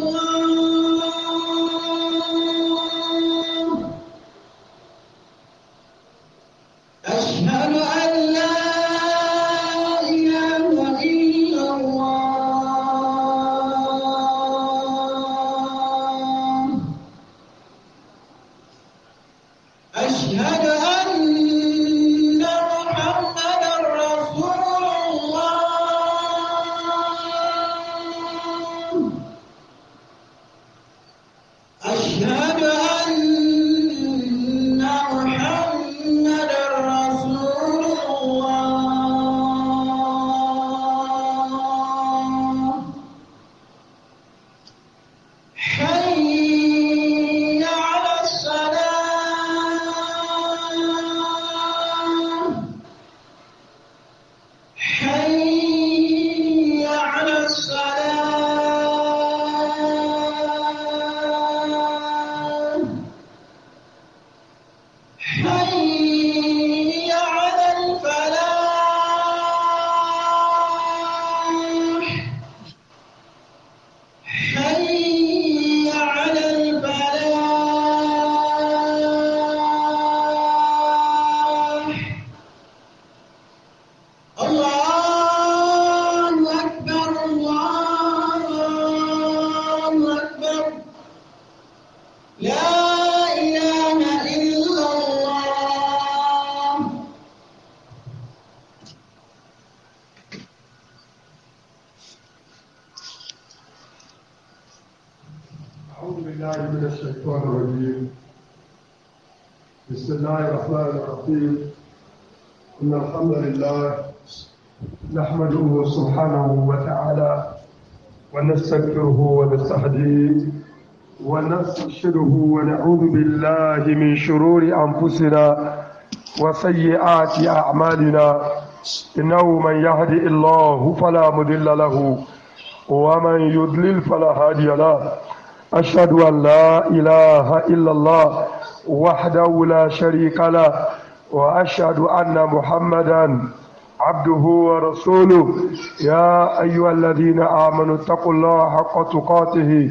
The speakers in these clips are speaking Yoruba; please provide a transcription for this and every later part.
Allah. ونسترشده ونعوذ بالله من شرور أنفسنا وسيئات أعمالنا إنه من يهدي الله فلا مضل له ومن يضلل فلا هادي له أشهد أن لا إله إلا الله وحده لا شريك له وأشهد أن محمدا عبده ورسوله يا أيها الذين آمنوا اتقوا الله حق تقاته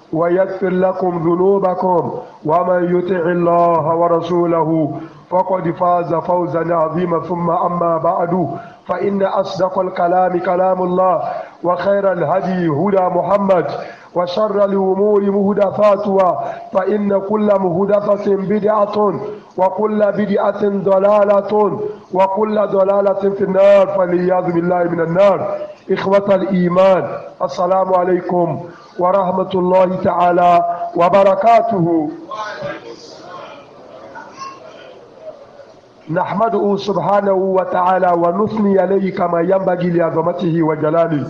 ويغفر لكم ذنوبكم ومن يطع الله ورسوله فقد فاز فوزا عظيما ثم أما بعد فإن أصدق الكلام كلام الله وخير الهدي هدى محمد وشر الأمور مهدفاتها فإن كل مهدفة بدعة وكل بدعة ضلالة وكل ضلالة في النار فليعذ بالله من النار إخوة الإيمان السلام عليكم ورحمة الله تعالى وبركاته نحمده سبحانه وتعالى ونثني عليه كما ينبغي لعظمته وجلاله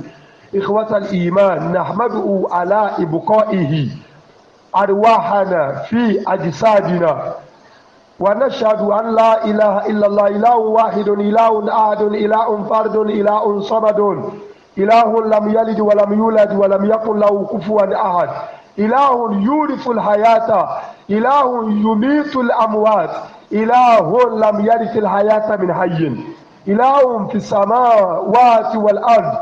إخوة الإيمان نحمده على إبقائه أرواحنا في أجسادنا ونشهد أن لا إله إلا الله إله واحد إله أحد إله فرد إله صمد إله لم يلد ولم يولد ولم يكن له كفوا أحد إله يورث الحياة إله يميت الأموات إله لم يرث الحياة من حي إله في السماوات والأرض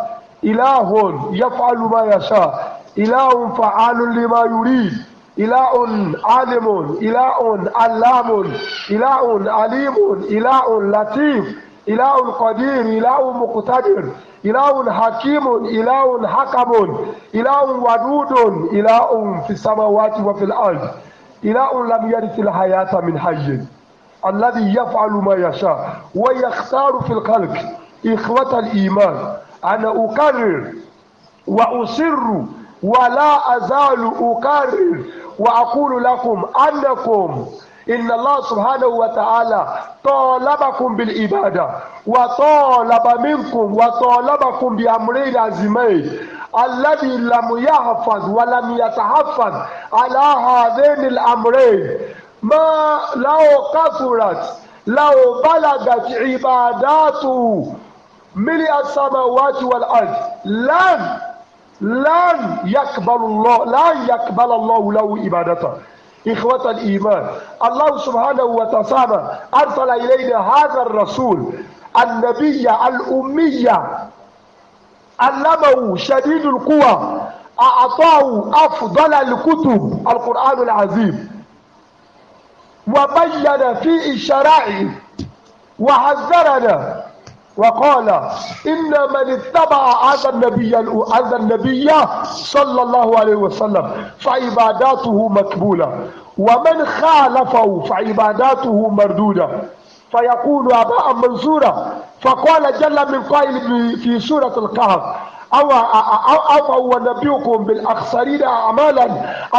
إله يفعل ما يشاء إله فعال لما يريد إله عالم إله علام إله عليم إله لطيف إله قدير إله مقتدر إله حكيم إله حكم إله ودود إله في السماوات وفي الأرض إله لم يرث الحياة من حي الذي يفعل ما يشاء ويختار في الخلق إخوة الإيمان أنا أكرر وأصر ولا أزال أكرر وأقول لكم أنكم inna allah subhanahu wa ta'ala talabakum bil ibada wa talaba minkum wa talabakum bi amrayn azimayn alladhi lam yahfaz wa lam yatahafaz ala hadhaini al amrayn ma law kafurat law balagat ibadatu mili as-samawati wal ard lan lan yakbalu allah lan yakbalu allah lahu ibadata إخوة الإيمان الله سبحانه وتعالى أرسل إلينا هذا الرسول النبي الأمية علمه شديد القوى أعطاه أفضل الكتب القرآن العظيم وبين في الشرائع وحذرنا وقال إن من اتبع هذا النبي هذا النبي صلى الله عليه وسلم فعباداته مقبولة ومن خالفه فعباداته مردودة فيقول أباء منصورة فقال جل من قائل في سورة الكهف أو أو أو نبيكم بالأخسرين أعمالا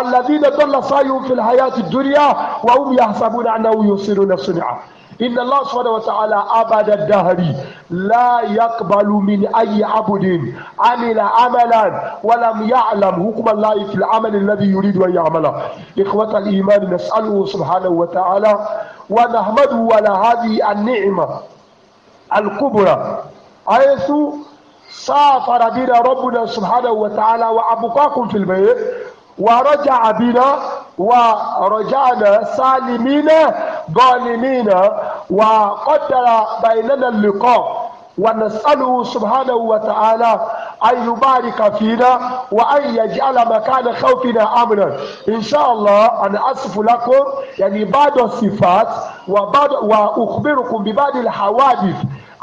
الذين ضل سعيهم في الحياة الدنيا وهم يحسبون أنه يصيرون صنعا إن الله سبحانه وتعالى أبد الدهر لا يقبل من أي عبد عمل عملا ولم يعلم حكم الله في العمل الذي يريد أن يعمله إخوة الإيمان نسأله سبحانه وتعالى ونحمده على هذه النعمة الكبرى حيث سافر بنا ربنا سبحانه وتعالى وأبقاكم في البيت ورجع بنا ورجعنا سالمين غانمين وقدر بيننا اللقاء ونسأله سبحانه وتعالى أن يبارك فينا وأن يجعل مكان خوفنا أمنا إن شاء الله أنا أصف لكم يعني بعض الصفات وبعض وأخبركم ببعض الحوادث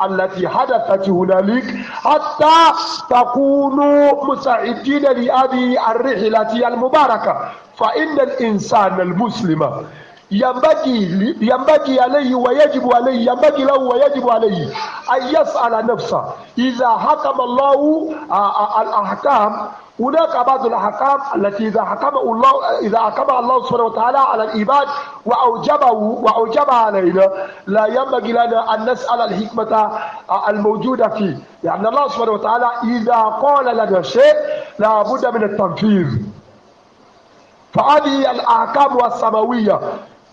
التي حدثت هنالك حتى تكونوا مساعدين لهذه الرحلة المباركة فإن الإنسان المسلم ينبغي ينبغي عليه ويجب عليه ينبغي له ويجب عليه أن يسأل نفسه إذا حكم الله الأحكام هناك بعض الاحكام التي اذا حكم الله اذا حكم الله سبحانه وتعالى على العباد واوجبه واوجبها علينا لا ينبغي لنا ان نسال الحكمه الموجوده فيه يعني الله سبحانه وتعالى اذا قال لنا شيء لابد من التنفيذ فهذه الاحكام السماويه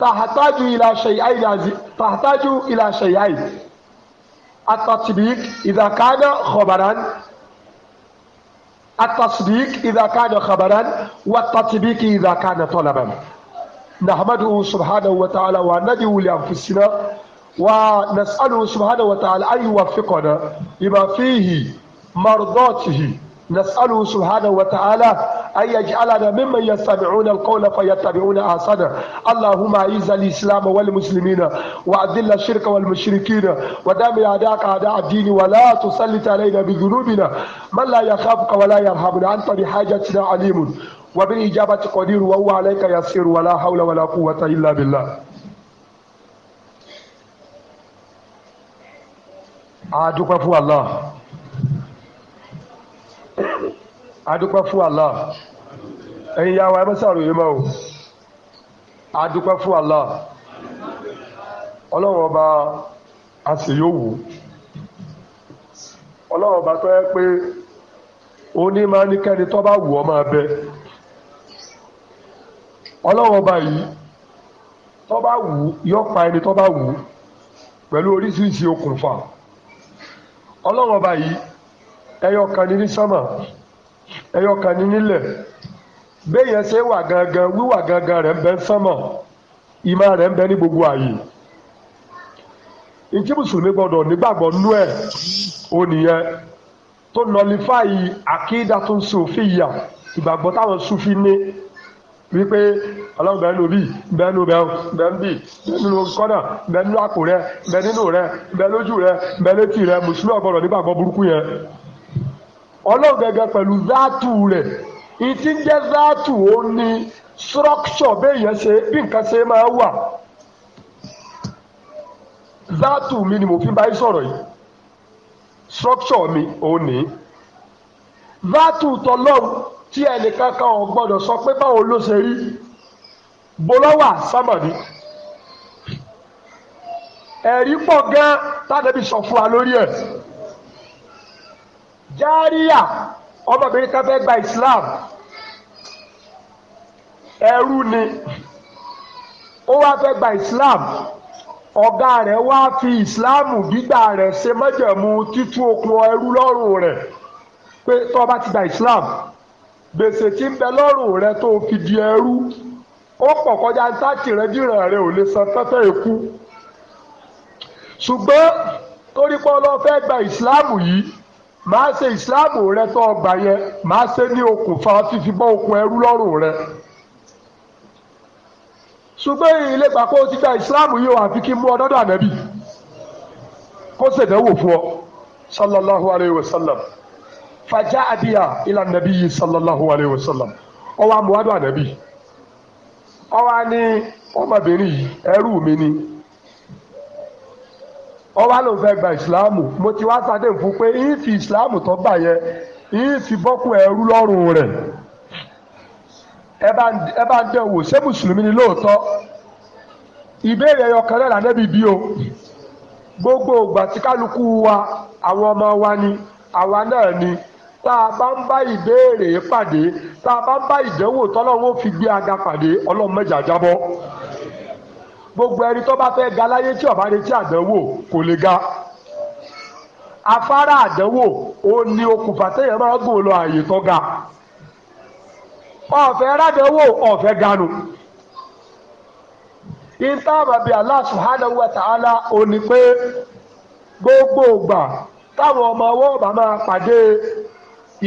تحتاج الى شيئين تحتاج الى شيئين التطبيق اذا كان خبرا التصديق إذا كان خبرا والتطبيق إذا كان طلبا نحمده سبحانه وتعالى وندعو لأنفسنا ونسأله سبحانه وتعالى أن يوفقنا بما فيه مرضاته نسأله سبحانه وتعالى أن يجعلنا ممن يستمعون القول فيتبعون أحسنه اللهم أعز الإسلام والمسلمين وأذل الشرك والمشركين ودم أعداءك أعداء الدين ولا تسلط علينا بذنوبنا من لا يخافك ولا يرحمنا أنت بحاجتنا عليم وبالإجابة قدير وهو عليك يسير ولا حول ولا قوة إلا بالله a dúpẹ́ fún Allah adúpẹ́ fún Allah ẹ̀yin yàwá ẹ bá o adúpẹ́ fún Allah ọlọ́run ọba àṣeyọ̀wò ọlọ́run ọba tó yẹ pé òní máa ní kẹ́ni tó bá wù ọ́ máa bẹ ọlọ́run yìí bá wù yọ pa ẹni bá wù pẹ̀lú oríṣiríṣi okùnfà yìí ẹyọkàn ní nílẹ̀ béèyàn ṣe wà gangan wíwà gangan rẹ̀ ń bẹ sánmọ̀ ìmọ̀ rẹ̀ ń ní gbogbo ààyè ìtí mùsùlùmí nígbàgbọ́ nú ẹ̀ tó nọlifáì àkídàtún sùfìyà ìgbàgbọ́ táwọn ní wípé ọlọ́run bẹ́ẹ̀ bí bẹ́ẹ̀ bẹ́ẹ̀ bẹ́ẹ̀ ń bì bẹ́ẹ̀ kọ́nà bẹ́ẹ̀ àpò rẹ bẹ́ẹ̀ nínú rẹ bẹ́ẹ̀ lójú rẹ bẹ́ẹ̀ létí rẹ mùsùlùmí nígbàgbọ́ burúkú ọlọ́run gẹ́gẹ́ pẹ̀lú záàtù rẹ̀ ìtí ń jẹ́ záàtù ó ní structure béèyàn ṣe bí nǹkan ṣe máa wà záàtù mi ni mo fi báyìí sọ̀rọ̀ yìí structure mi ò ní záàtù tọlọ́run tí ẹnìkan kan ò gbọ́dọ̀ sọ pé báwo ló ṣe rí bolówà sámọ̀dí ẹ̀rí pọ̀ gan tàbí sọ fún wa lórí ẹ̀. jariya ọmọbìnrin kan fẹ́ gba islam ẹrú ni ó wá fẹ́ gba islam ọ̀gá rẹ̀ wá fi islam gbígbà rẹ̀ ṣe májẹ̀mú títú okùn ẹrú lọ́rùn rẹ̀ pé tó o ti gba islam gbèsè tí ń bẹ lọ́rùn rẹ̀ tó o fi di ẹrú ó pọ̀ kọjá sáàtì rẹ̀ rẹ̀ ò lè san tọ́tọ́ ikú ṣùgbọ́n torí pé ọlọ́fẹ́ gba islam yìí màá ṣe ìsìláàmù rẹ tó ọgbà yẹn màá ṣe ní okùnfà fífi okùn rẹ ṣùgbọ́n ilé ti gba ìsìláàmù yìí fi kí mú ọ dọ́dọ̀ ànábì kó ṣèdánwò fún ọ sallallahu alayhi wa sallam fàjà àbíyà ilà nàbí yìí sallallahu alayhi wa sallam ọwọ́ àmúwádọ́ ànábì ọwọ́ ọmọbìnrin yìí mi ni. ọba ló fẹ́ gba ìsìláàmù mo ti wá sáde fún pé ń fi ìsìláàmù tó gbà yẹn ń fi bọ́kù ẹrú lọ́rùn rẹ̀ ẹ bá ń ṣé ni lóòótọ́ ìbéèrè ọkàn rẹ̀ lànàbí bí o gbogbo ìgbà wa àwọn ọmọ wa ni àwa náà ni tá a bá ń bá aga pàdé gbogbo ẹni tó bá fẹ́ ga láyé tí ọ̀bá retí àdánwò kò lè ga afárá àdánwò ó ní okùnfà téèyàn máa gùn lọ àyè tó ga ọ̀fẹ́ rádánwò ọ̀fẹ́ ganu ìtààmà bíi Allah subhanahu wa ta'ala ó ní pé gbogbo ògbà táwọn ọmọ ọwọ́ ọ̀bà máa pàdé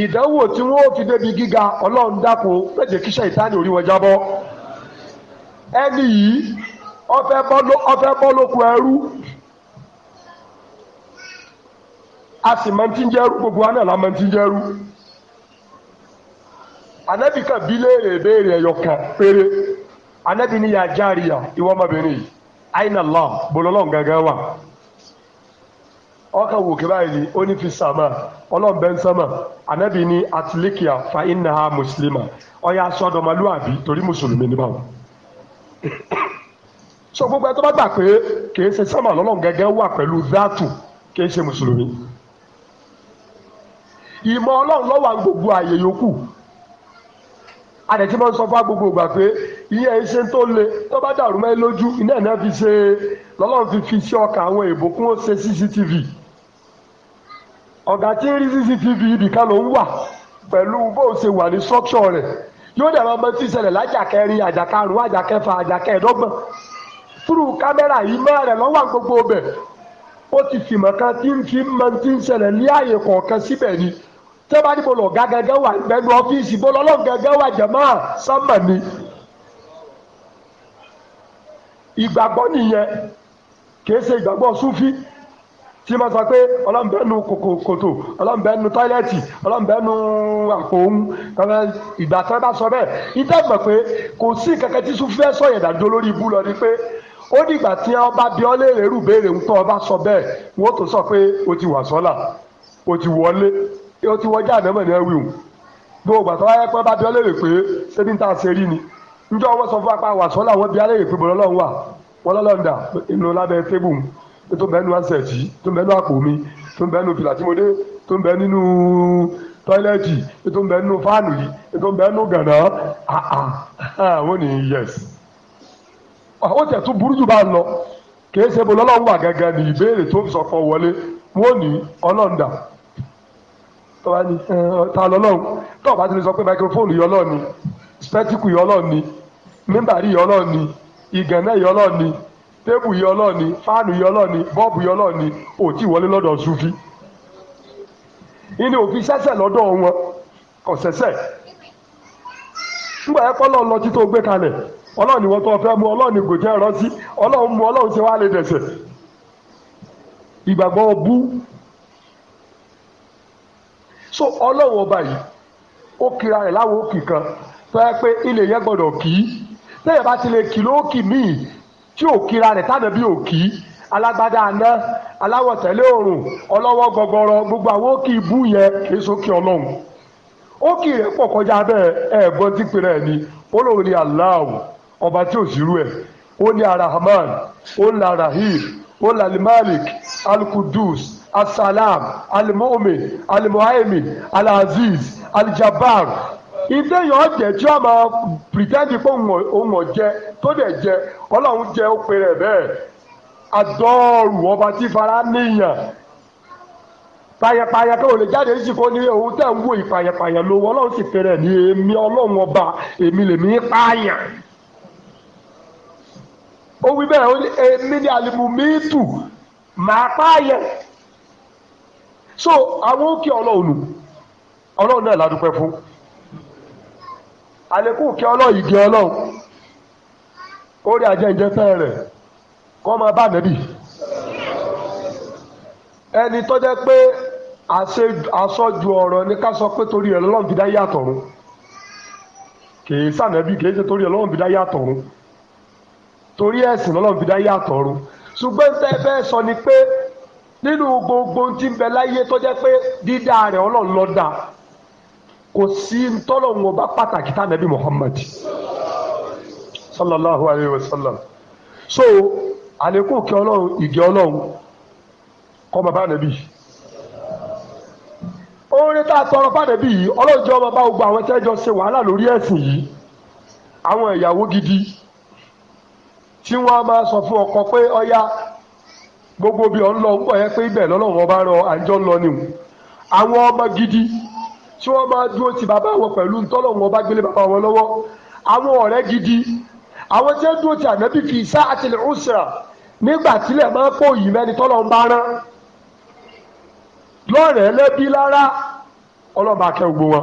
ìdánwò tí wọ́n ó fi débi gíga ọlọ́run dákun péjèkíṣẹ́ ìtàn orí wọn jábọ́ ẹni yìí ọfẹ́ bọ́ ẹrú a sì máa ti jẹ́rú gbogbo wa náà la máa ti jẹ́rú anabi kan léèrè béèrè péré anabi ni yà járíyà ìwọ ọmọbìnrin yìí aina Allah bololọ gangan wa ọkàn wò kí báyìí ó ní fi sàmà ọlọ́run bẹ́ẹ̀ anabi ni atilikia fa muslima so gbogbo ẹ tó bá gbà pé kìí ṣe sánmà lọ́lọ́run gẹ́gẹ́ wà pẹ̀lú dátù kìí ṣe mùsùlùmí ìmọ̀ ọlọ́run lọ́wọ́ gbogbo àyè yòókù àdẹ̀tí máa sọ fún gbogbo ìgbà pé iye ẹṣin tó le tó bá dàrú mẹ́ lójú iná ẹ̀ náà fi ṣe lọ́lọ́run fi fi sí ọkà àwọn èèbò kún ó ṣe cctv ọ̀gá tí ń rí cctv ibìkan ló ń wà pẹ̀lú bó o ṣe wà ní structure rẹ̀ yóò dẹ̀ máa tí ìṣẹ̀lẹ̀ lájàkẹrin àjàkarùn-ún àjàkẹfà àjàkẹẹ̀dọ́gbọ̀n túrú kámẹ́rà yìí mọ́ rẹ̀ lọ́wọ́ gbogbo bẹ̀ ó ti fìmọ̀ kan tí ń fi mọ tí ń ṣẹlẹ̀ ní ààyè kọ̀ọ̀kan síbẹ̀ ni tẹ́ bá ní mo lọ ga gẹ́gẹ́ wà gbẹ́nu ọ́fíìsì mo lọ lọ́ọ̀ gẹ́gẹ́ wà jẹ̀mọ́ sánmà ni ìgbàgbọ́ nìyẹn kìí ṣe ìgbàgbọ́ súfí tí ma sọ pé ọlọ́mbẹ́nu kòtò ọlọ́mbẹ́nu tọ́ílẹ̀tì ọlọ́mbẹ́nu àpò ohun ìgbà tí wọ́n bá sọ bẹ́ẹ̀ ìdá mọ̀ pé kò sí kẹ̀kẹ́ tí súfí fẹ́ sọ̀yẹ̀dà dó lórí ibú lọ ni pé ó dìgbà tí ọba bí ọ léèrè rú béèrè ń tọ́ ọba sọ bẹ́ẹ̀ wọ́n tó sọ pé o ti wà sọ́là o ti wọlé o ti wọjá àdámọ̀ ní ẹwì òun gbogbo àtọ́wá yẹ pé ọba bí ọ léèrè pé ṣé ní ta ṣe rí ni njọ́ wọ́n sọ fún apá wà sọ́là wọ́n bí ọ pé bọ́lọ́ lọ́n wà wọ́n lọ́lọ́n dà nínú lábẹ́ tébù tó bẹ́ẹ̀ nu ansẹ̀tì tó bẹ́ẹ̀ nu àpò mi tó bẹ́ẹ̀ nu fìlà tí mo dé tó bẹ́ẹ̀ nínú tọ́ílẹ̀tì tó bẹ́ẹ̀ nu fáànù yìí tó bẹ́ẹ̀ nu gànà ah ah wọ́n ní yes. Ah, ó tẹ̀ tún burú jù bá ń lọ kìí ṣe bọ́lá ọlọ́run wà gángan ní ìbéèrè tó ń sọ̀kan wọlé wọ́n ní ọlọ́ǹda tọ́ba ni ta lọ́lọ́run tọ́ba ti lè sọ pé microphone yọ ọlọ́run ni spectacle yọ ọlọ́run ni mímbàrí yọ ọlọ́run ni ìgànnà yọ ọlọ́run gbé kalẹ̀ ọlọ́run ni wọ́n tó fẹ́ mú ọlọ́run ni kò jẹ́ ẹ̀rọ sí ọlọ́run mú ọlọ́run ṣe wá lè dẹ̀sẹ̀ ìgbàgbọ́ bú so ọlọ́run ọba yìí ó kira rẹ̀ láwọn òkì kan tó yẹ pé ilé yẹn gbọ́dọ̀ kì í lẹ́yìn bá míì tí ò kira rẹ̀ bí ò kì í alágbádá aná aláwọ̀ gọgọrọ gbogbo àwọn òkì Ó pọ̀ kọjá bẹ́ẹ̀ ẹ̀ ọba tí ò sí rú ẹ̀ ó ní arahman ó ní arahim ó ní alimalik alkudus asalam alimomi alimohaimi alaziz aljabar ìdè yọ jẹ tí wọn máa pretend pé òun ọjẹ tó dẹ̀ jẹ Ọlọ́run jẹ ó pe rẹ bẹ́ẹ̀ adọọrù ọba tí fara níyàn payapaya kí òun lè jáde sí kó ní òun tẹ̀ ń wo ìpayapaya lówó Ọlọ́run sì fẹ́rẹ̀ ní èmi Ọlọ́run ọba èmi lèmi pààyàn ó wí bẹ́ẹ̀ ó ní èmi ni àlìmùmíìtù màá pààyàn so àwọn òkè ọlọ́run ọlọ́run náà ládùúpẹ́ fún àlékún òkè ọlọ́run ìgè ọlọ́run orí ajẹ́njẹ́sẹ́ rẹ̀ kọ́ máa bá nẹ́bì ẹni tó jẹ́ pé àsọjù ọ̀rọ̀ ni ká sọ pé torí ẹ̀ lọ́lọ́run fi dá yàtọ̀ run kì í sànẹ́bì kì í ṣe torí ẹ̀ lọ́lọ́run fi dá yàtọ̀ run. torí ẹ̀sìn lọ́lọ́run fi dá yàtọ̀ ru ṣùgbọ́n tẹ́ fẹ́ sọ ni pé nínú gbogbo tí ń bẹ láyé tó jẹ́ pé dídá rẹ̀ ọlọ́run dá kò sí ọba pàtàkì tánàbí Muhammad sallallahu alayhi wa sallam so àlékún kí ọlọ́run ọlọ́run kọ́ bàbá nàbí orin tá a tọrọ fàdébí yìí ọlọ́run jẹ́ ọmọ bá gbogbo àwọn ṣe wàhálà lórí gidi tí wọ́n ma máa sọ fún ọkọ pé ọyá gbogbo bí ọ ń lọ ńgbọ̀ yẹn pé ibẹ lọ́lọ́run ọba rọ àjọ ń lọ nìhùn àwọn ọmọ gidi tí wọ́n máa dúró ti bàbá wọn pẹ̀lú ntọ́lọ́run ọba gbélé bàbá wọn lọwọ àwọn ọrẹ gidi àwọn tí dúró ti ànábì fi nígbà máa yìí bá rán lára bá gbogbo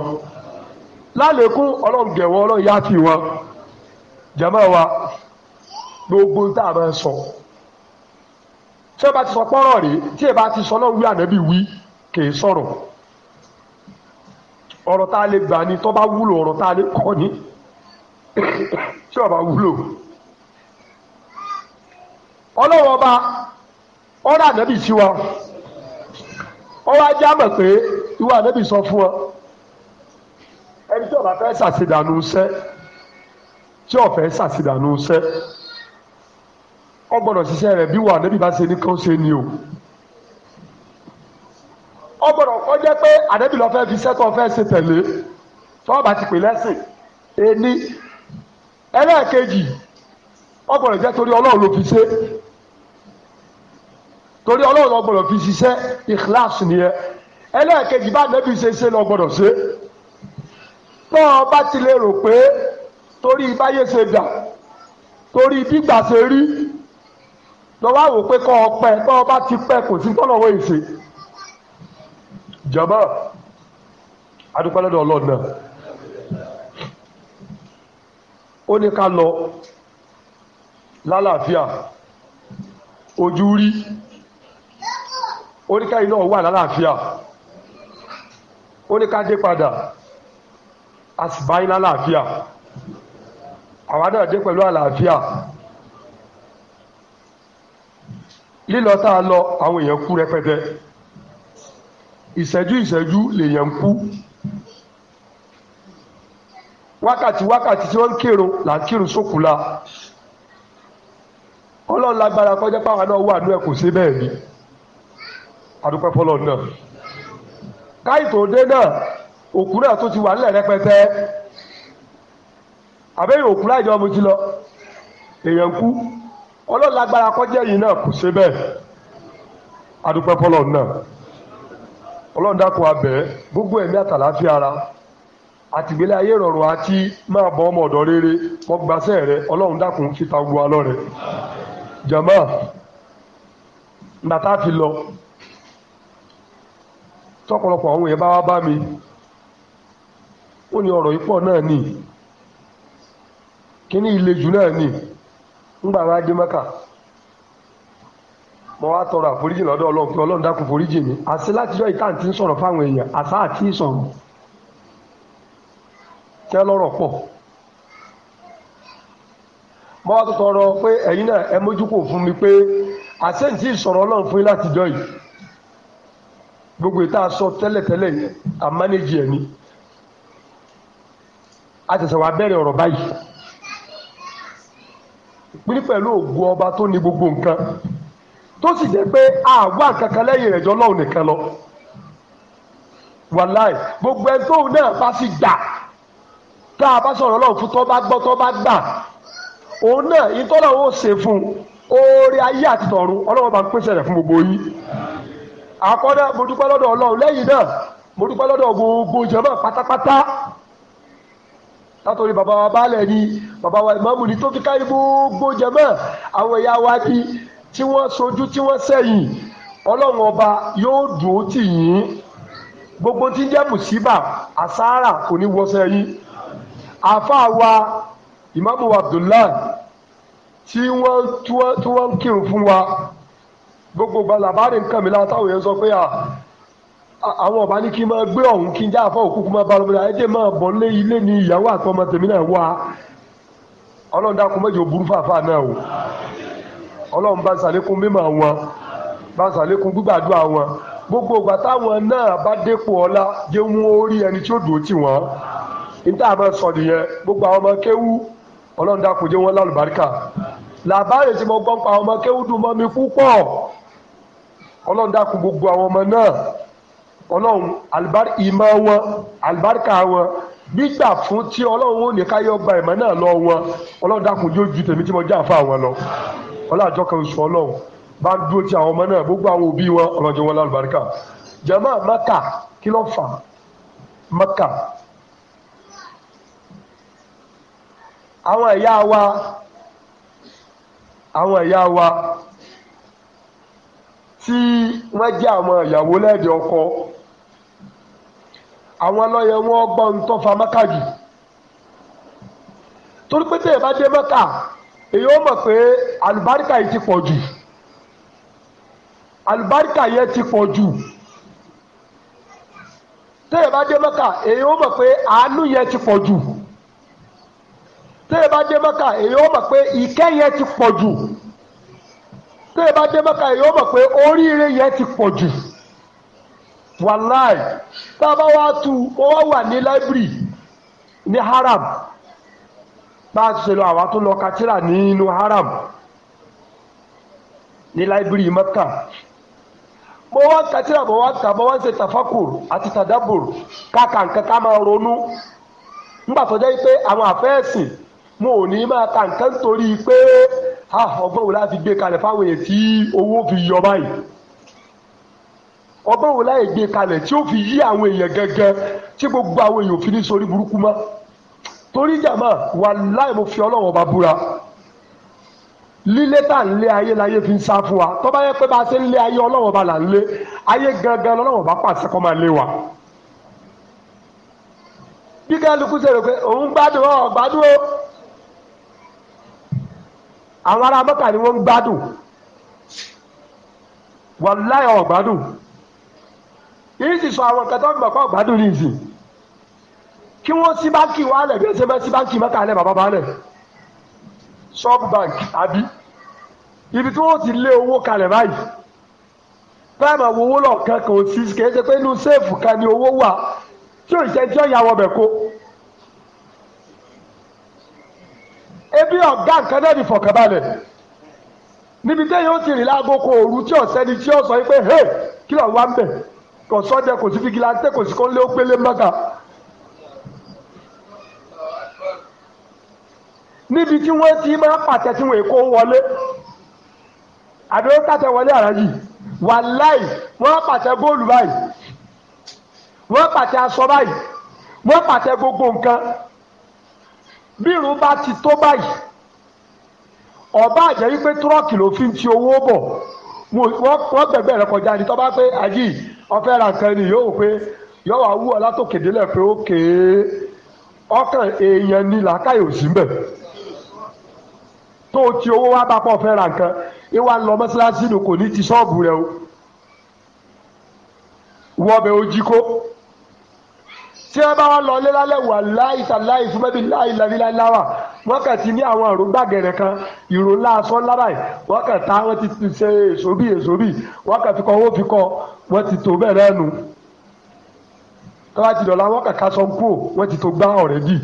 wọn gbogbo tá a máa sọ tí ẹ bá ti sọ pọ́rọ̀ rèé tí ẹ bá ti sọ lọ́wọ́ wí ànábì wí kì í sọ̀rọ̀ ọ̀rọ̀ tá a lè gbà ni tó bá wúlò ọ̀rọ̀ tá a lè kọ́ ni tí ó bá wúlò ọlọ́wọ́ ọba ọ̀rọ̀ ànábì sí wa ọwọ́ ajá mọ̀ pé ìwọ ànábì sọ fún ọ ẹni tí ó bá fẹ́ ṣàṣìdànù iṣẹ́ tí ó fẹ́ ṣàṣìdànù iṣẹ́ ọ gbọ́dọ̀ ṣiṣẹ́ rẹ̀ bí wà níbi bá ṣe ní kó ṣe ni o ọ gbọ́dọ̀ kọ́ jẹ́ pé àdébí lọ fẹ́ fi sẹ́tọ̀ fẹ́ ṣe tẹ̀lé tọ́ọ̀bà ti pè lẹ́sìn ẹni ẹlẹ́ẹ̀kejì ọ gbọ́dọ̀ jẹ́ torí Ọlọ́run ló fi ṣe torí Ọlọ́run ló gbọ́dọ̀ fi ṣiṣẹ́ ìkíláàsì nìyẹn ẹlẹ́ẹ̀kejì bá àdébí ṣe ṣe lọ gbọ́dọ̀ ṣe tọ́ọ̀bà ti lè rò pé torí báyé ṣe dà torí bí gbà ṣe rí lọ́wọ́ àwò pé kọ́ ọ pẹ́ tọ́ ọ bá ti pẹ́ kò sí tọ́lọ́wọ́ ìṣe jọ̀mọ́ adúpẹ́ lọ́dọ̀ ọlọ́run náà ó ní ká lọ lálàáfíà ojú rí ó ní ká iná wà lálàáfíà ó ní ká dé padà a sì bá yín lálàáfíà àwa náà dé pẹ̀lú àlàáfíà. lílọ tá a lọ àwọn èèyàn kú rẹpẹtẹ ìṣẹ́jú ìṣẹ́jú lèèyàn kú wákàtí wákàtí tí wọ́n kírun là ń kírun la ọlọ́run lágbára kọjá páwọn náà wà ní ẹ̀ kò sí bẹ́ẹ̀ ni adúpẹ́ fọlọ́ náà káyìtò dé náà òkú náà tó ti wà nílẹ̀ rẹpẹtẹ àbẹ́yìn òkú láìjọ ọmọ jí lọ èèyàn kú. ọlọ́lágbára kọjá yìí náà kò ṣe bẹ́ẹ̀ adúpẹ́ fọlọ́ náà ọlọ́run dákun abẹ́ gbogbo ẹ̀mí àtàláfíà ara àtìgbélé ayé rọrùn àti máa ọmọ ọ̀dọ́ rere wọ́n gbàṣẹ́ ọlọ́run dákun gbogbo alọ́ rẹ jama nàtà fi lọ àwọn èèyàn mi ó ní yìí pọ̀ náà nì ńgbà wá dé mẹ́kà mo wá tọrọ àforíjì lọ́dọ̀ ọlọ́run pé ọlọ́run dákun foríjì mi àti látijọ́ ìta àti ń sọ̀rọ̀ fáwọn èèyàn àṣà àti ìsọ̀rọ̀ tẹ́ lọ́rọ̀ pọ̀ mo wá tó tọrọ pé ẹ̀yin náà ẹ mójúkò fún mi pé àṣẹ ìtì ìsọ̀rọ̀ ọlọ́run fún yín látijọ́ yìí gbogbo ìta sọ tẹ́lẹ̀tẹ́lẹ̀ yẹn àmánéjì ẹ̀ ni a bẹ̀rẹ̀ ọ̀rọ̀ báyìí pín pẹ̀lú ògùn ọba tó ní gbogbo nǹkan tó sì jẹ́ pé àwa kankan lẹ́yìn rẹ̀ jọ lọ́hùn nìkan lọ wàláì gbogbo ẹ tóun náà bá sì gbà tá a bá sọ̀rọ̀ lọ́hùn fún tó bá gbọ́ tó bá gbà òun náà ìtọ́lọ̀ ó ṣe fún un oore ayé àti tọ̀run ọlọ́run bá ń pèsè rẹ̀ fún gbogbo yín àkọ́dá mo dúpẹ́ lọ́dọ̀ ọlọ́run lẹ́yìn náà mo dúpẹ́ lọ́dọ̀ gbogbo jẹ́mọ́ pátápátá látọ̀rí bàbá wa baálẹ̀ ni bàbá wa ìmáàmù ni tó fi kárí gbogbo jẹ̀mọ́ àwọn ìyá wa ni tí wọ́n sojú tí wọ́n sẹ́yìn ọlọ́run ọba yóò dùn ó tì yín gbogbo tí ń jẹ́ mùsíbà àsáárà kò ní wọ́sẹ̀ yín àáfàá wa ìmáàmù Abdullahi tí wọ́n tí wọ́n kírun fún wa gbogbo gbalà bá rìn kàn látàwọn yẹn sọ pé à àwọn ọba ní kí n máa gbé ọ̀hún kí n já àfọ òkúkú máa bá lọ́mọdé ẹjẹ́ máa bọ̀ lé ilé ní ìyàwó àtọmọ tèmi náà wá ọlọ́run dákun mẹ́jọ burú fàáfàá náà o ọlọ́run bá ṣàlékún mímọ̀ wọn bá ṣàlékún gbígbàdúrà wọn gbogbo ìgbà táwọn náà bá dépò ọlá jẹ́ wọn ó rí ẹni tí ó dùn tì wọ́n níta àmọ́ sọ nìyẹn gbogbo àwọn ọmọ kéwú ọlọ́run dákun jẹ́ wọn lálùbáríkà làbáyé tí mo gbọ́n pa ọmọ kéwú dùn mọ́ mi púpọ̀ ọlọ́run dákun gbogbo àwọn ọmọ náà ọlọ́run ìmọ̀ wọn àlùbáríkà wọn gbígbà fún tí ọlọ́run ó ní káyọ̀ gba ìmọ̀ náà lọ wọn ọlọ́run dákun yóò ju tèmi tí mo já fún àwọn lọ ọlọ́run àjọkẹ́ oṣù ọlọ́run bá ń dúró ti àwọn ọmọ náà gbogbo àwọn òbí wọn ọlọ́jọ́ wọn lálùbáríkà jàmá maka kí ló fà maka àwọn ẹ̀yà wa àwọn ẹ̀yà wa tí wọ́n jẹ́ àwọn ìyàwó lẹ́ẹ̀dẹ̀ ọkọ àwọn lọ́yẹ̀ wọn gbọ́ ń tọ́fà mẹ́kà jù torí pé tẹ̀yẹ̀ bá dé mẹ́kà èyí ó mọ̀ pé àlùbáríkà yìí ti pọ̀ jù àlùbáríkà yẹn ti pọ̀ jù tẹ́yẹ̀ bá dé mọ́kà èyí ó mọ̀ pé àánú yẹn ti pọ̀ jù tẹ́yẹ̀ bá dé mọ́kà èyí ó mọ̀ pé ìkẹ́ yẹn ti pọ̀ jù tẹ́yẹ̀ bá dé mọ́kà èyí ó mọ̀ pé oríire yẹn ti pọ̀ jù. wàláì tá a bá wá tu ó wá wà ní library ní haram bá a ṣe lọ àwa tó lọ katira nínú haram ní library mẹ́ta bó wá katira bó wá ta bó wá ṣe tafakur àti tadabur káka nǹkan ká máa ronú nígbà tó jẹ́ pé àwọn àfẹ́ẹ̀sìn mo ò ní máa ka nǹkan torí pé ah, ọgbọ́n wo láti gbé kalẹ̀ fáwọn tí owó fi yọ báyìí. ọgbọ́n wo láyè gbé kalẹ̀ tí ó fi yí àwọn èèyàn gẹ́gẹ́ tí gbogbo àwọn èèyàn fi ní sórí burúkú mọ́ torí jàmá wàláhì mo fi ọlọ́wọ́ bá búra lílé tá à ń lé ayé láyé fi ń sá fún wa tó bá yẹ pé bá a ṣe ń lé ayé ọlọ́wọ́ ba là ń lé ayé gangan lọ́wọ́ bá pàṣẹ kọ́ máa lé wa. bí kálukú ṣe rò pé òun gbádùn ọ gbádùn ó àwọn ará mọ́kà ni wọ́n ń gbádùn wàláhì ọ̀ gbádùn yìí sì sọ àwọn nǹkan tó ń bọ̀ pọ̀ gbádùn ní ìsìn kí wọ́n sí báńkì wa lẹ̀ bí ẹsẹ̀ sí báńkì mẹ́ta lẹ̀ bàbá bá lẹ̀ sub bank àbí ibi tí wọ́n ti lé owó kalẹ̀ báyìí báyìí àwọn owó lọ́ọ̀kan kò sí kì í ṣe pé inú sẹ́ẹ̀fù kan ni owó wà tí òṣìṣẹ́ tí ó yà wọ bẹ̀ kó. ebi ọ̀gá nǹkan náà ní fọ̀kànbalẹ̀ níbi téèyàn ó ti rìn láago kó òru tí ọ̀sẹ́ni tí ó sọ pé kí ló wá ń bẹ̀ kò sọ́jà kò sí fìgìláńtẹ́ kò sí kọ́lé ó pélé mọ́kà. níbi tí wọ́n ti máa pàtẹ tí wọ́n èkó wọlé àdúró pàtẹ wọlé àràjì wàláì wọ́n pàtẹ góòlù báyìí wọ́n pàtẹ aṣọ báyìí wọ́n pàtẹ gbogbo nǹkan bí irun bá ti tó báyìí ọba àjẹ́ wípé tírọ́ọ̀kì ló fi ń ti owó bọ̀ wọ́n gbẹ̀gbẹ̀ rẹ̀ kọjá ní tọ́ pé àjì ọfẹ́ra ra ni yóò pé yóò wá wú ọ látòkè délẹ̀ pé ó kéé ọkàn èèyàn ni làákàyè ò mbẹ̀ tó o ti owó wá bá pọ̀ fẹ́ ra nǹkan ìwà lọ mọ́ṣáláṣí ni kò ní ti ṣọ́ọ̀bù rẹ o wọ́ọ̀bẹ ojí tí wọ́n bá wá lọ lé lálẹ́ wà láì sàláì fún bẹ́bí láì láì láì láwà wọ́n kàn ti ní àwọn àrùn gbàgẹ̀rẹ̀ kan ìró ńlá aṣọ ńlá kàn ta wọ́n ti ṣe èso bí èso bí wọ́n kàn fi kọ́ owó fi kọ́ wọ́n ti tó bẹ̀rẹ̀ nu tọ́wá ti dọ̀la wọ́n kàkà sọ kú wọ́n ti tó gbá ọ̀rẹ́ dì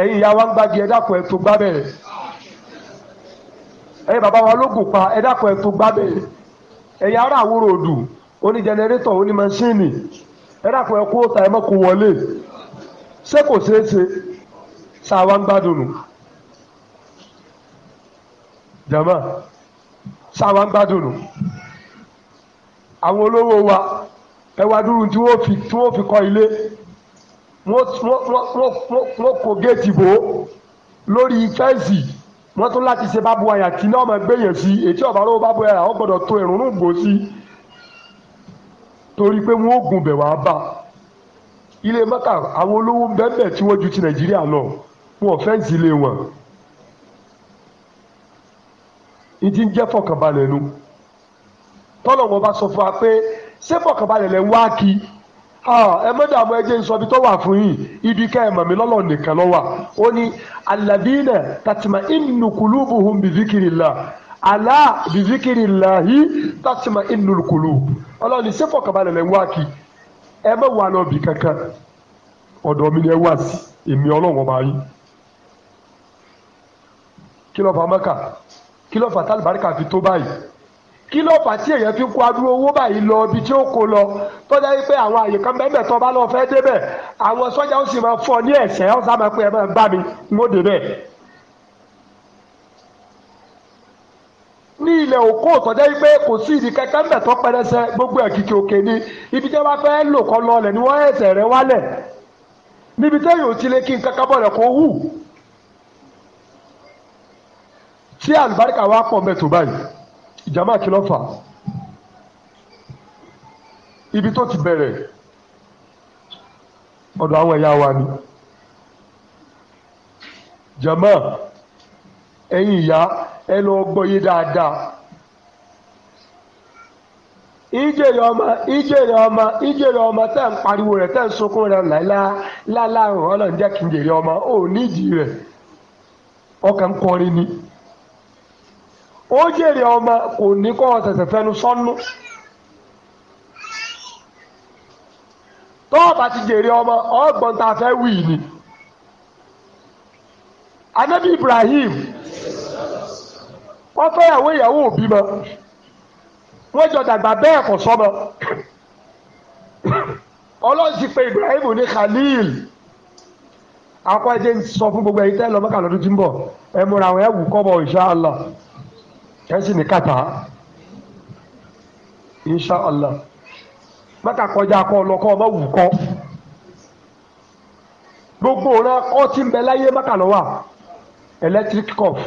ẹ̀yin ìyá wa ń gbági ẹ dákun ẹ tó gbá bẹ̀rẹ̀ ẹ̀yin bàbá wa lóògùn pa ẹ dákun ẹ tó gbá bẹ̀rẹ̀ ẹ̀yin ará àwòrò òdù oní jẹnẹrétọ̀ oní mọ́ṣíìnì ẹ dàpọ̀ ẹ kó ta ẹ mọ́kò wọlé ṣé kò ṣeé ṣe sáwa ń gbádùn nù jama sáwa ń gbádùn nù àwọn olówó wa ẹ wá dúró tí wọ́n fi tí wọ́n fi kọ́ ilé wọ́n kó géètì bò ó lórí fẹ́ǹsì wọ́n tún láti ṣe bábu àyà tí náà máa gbé yẹn sí ètí ọ̀bá bábu àyà wọ́n tó ẹ̀rùn gbòó sí i torí pé wọ́n ó gun bẹ̀ wá bá ilé mọ́kà àwọn olówó bẹ́ẹ̀ tí wọ́n ju ti nàìjíríà lọ wọn ò fẹ́ǹsì ilé wọn ìdí ń jẹ́ fọkànbalẹ̀ nu tọ́lọ̀ wọn bá sọ fún wa pé ṣé fọkànbalẹ̀ lẹ́ ń wá kí ẹ mọ́dà àwọn ẹjẹ́ ń sọ ibi tó wà fún yìí ibi ká ẹ mọ̀ mí lọ́lọ́ nìkan lọ́wà ó ní alladhina tatma'innu qulubuhum bi dhikrillah ala bi dhikrillahi tatima qulub ọlọ́run ní sẹ́fọ̀kànbalẹ̀ lẹ́ ń wá kí ẹ bẹ́ wà lọ́ọ̀bì kankan ọ̀dọ̀ mi ni ẹ wá sí èmi ọlọ́run ọba yín kí ló fà mọ́kà kí ló fà tálíbáríkà fi tó báyìí kí ló fà tí èèyàn fi kó adúrú owó báyìí lọ ibi tí ó kó lọ tọ́jà yìí pé àwọn àyè kan bẹ́ẹ̀ tó bá lọ fẹ́ débẹ̀ àwọn sọ́jà ó sì máa fọ ní ẹ̀sẹ̀ ó máa pé ẹ ní ilẹ̀ òkú òtọ́jẹ́ wípé kò sí ìdí kẹ́kẹ́ ń bẹ̀ tó gbogbo ẹ̀kìkì òkè ni ibi tí wọ́n fẹ́ lò kọ́ ni wọ́n ẹ̀sẹ̀ rẹ wálẹ̀ níbi téèyàn ò ti lè kí nǹkan kábọ̀ rẹ̀ kó hù tí àlùbáríkà ibi tó ti bẹ̀rẹ̀ ọ̀dọ̀ àwọn ẹ̀yà wa ni jàmbá. ẹ̀yin ìyá ẹ lọ gbọ́ yé dáadáa. ijèrè ọmọ ijèrè ọmọ ijèrè ọmọ pariwo rẹ tẹ n sunkún rẹ̀ láláàrùn ọlọ́run jẹ́ kí n jèrè ọmọ ò nídìí rẹ̀ ọkàn ń kọrin ni. ó jèrè ọmọ kò ní kọ́ ọ fẹnu sọ́nù. tọ́ọ̀bà ti jèrè ọmọ ọgbọ̀n tá a wọ́n fẹ́yàwó ìyàwó òbí mọ́ wọ́n jọ dàgbà bẹ́ẹ̀ kò sọ́mọ ọlọ́run ti pe Ibrahim ní Khalil akọ ẹ jẹ́ ń sọ fún gbogbo ẹ̀yin tẹ́ lọ Mẹ́kà lọ́dún tí ń bọ̀ ẹ múra àwọn ẹ̀wù kọ́bọ̀ inṣàlá ẹ sì ní kàtà inṣàlá Mẹ́kà kọjá akọ ọlọ́kọ́ ọmọ wù kọ́ gbogbo ọ̀rẹ́ ọtí ń bẹ láyé Mẹ́kà lọ́wọ́ electric cough